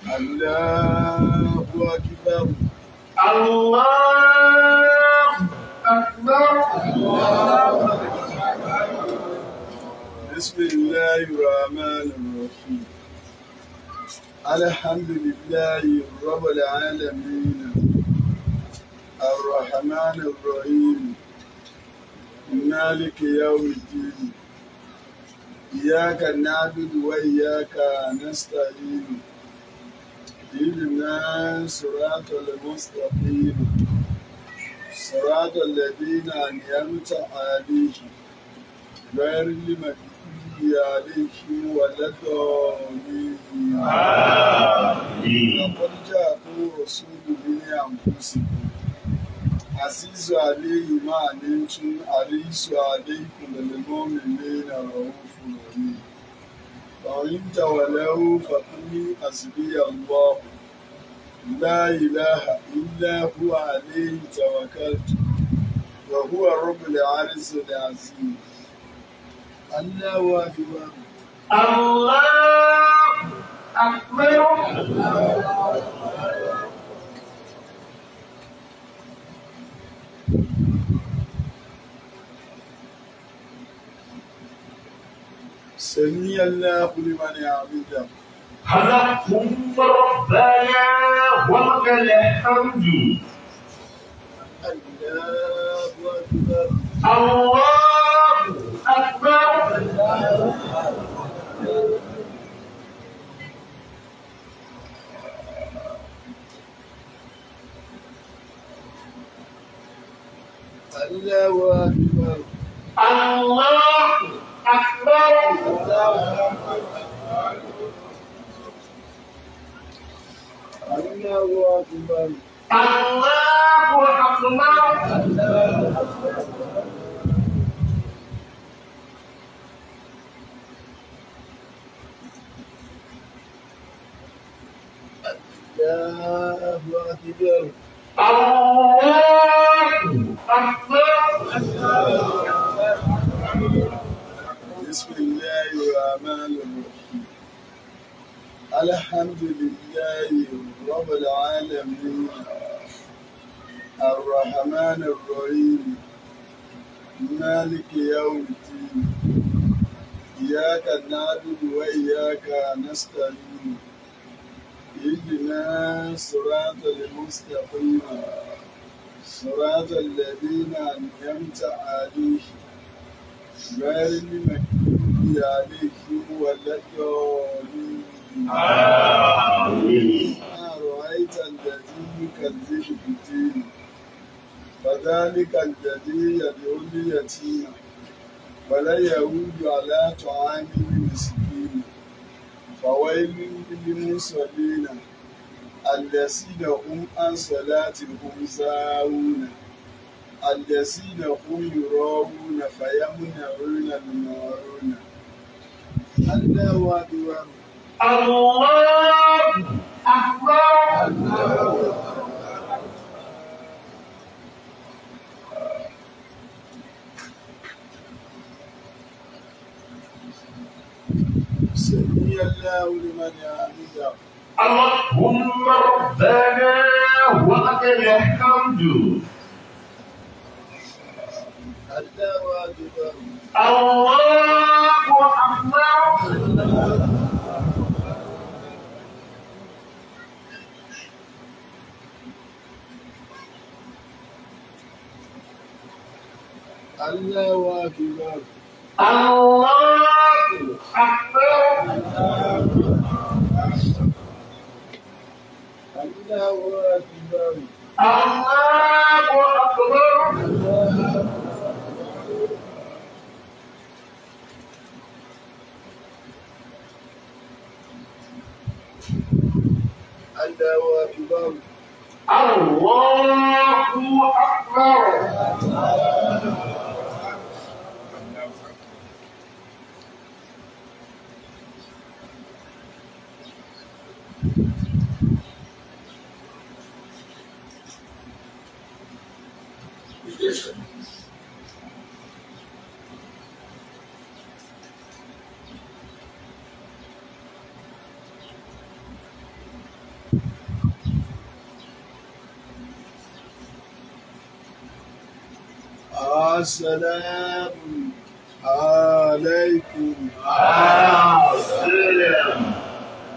Speaker 1: الله أكبر الله بسم الله الرحمن الرحيم الحمد لله رب العالمين الرحمن الرحيم مالك يوم الدين إياك نعبد وإياك نستعين اهدنا صراط المستقيم الصراط الذين أنعمت عليهم غير المغضوب عليهم ولا الضالين لقد جاءكم رسول من أنفسكم عزيز عليه ما عنتم حريص عليكم بالمؤمنين رؤوف رحيم وإن تولوا فقل حسبي الله لا إله إلا هو عليه توكلت وهو رب العرش العظيم
Speaker 2: الله أكبر
Speaker 1: الله
Speaker 2: أكبر
Speaker 1: سمي الله لمن يعبده خلقتم ربنا ولك الحمد الله
Speaker 2: أكبر الله
Speaker 1: أكبر الله
Speaker 2: أكبر الله أكبر
Speaker 1: الله أكبر الله
Speaker 2: أكبر الله أكبر الله
Speaker 1: أكبر بسم الله الرحمن الرحيم الحمد لله رب العالمين الرحمن الرحيم مالك يوم الدين إياك نعبد وإياك نستعين اهدنا صراط المستقيم صراط الذين أنعمت عليهم غير المكتوب عليهم ولا الضالين
Speaker 2: أرأيت الذي يكذب
Speaker 1: بالدين فذلك الذي يدعو اليتيم ولا يعود على طعام المسكين فويل للمصلين الذين هم عن صلاتهم ساهون الذين هم يراؤون
Speaker 2: فيمنعون الماعون الله أكبر الله أكبر سمي الله لمن حمده اللهم ربنا ولك الحمد
Speaker 1: الله أكبر الله أكبر Allahu Akbar.
Speaker 2: Allahu Akbar. Allahu Akbar. الله أكبر
Speaker 1: الله أكبر السلام عليكم السلام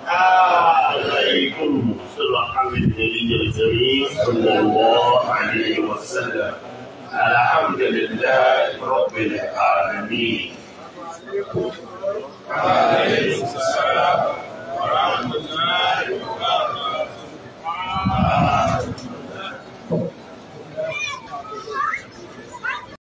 Speaker 2: عليكم
Speaker 1: صلى الله عليه وسلم صلى الله عليه وسلم الحمد لله رب العالمين وعليكم السلام ورحمة الله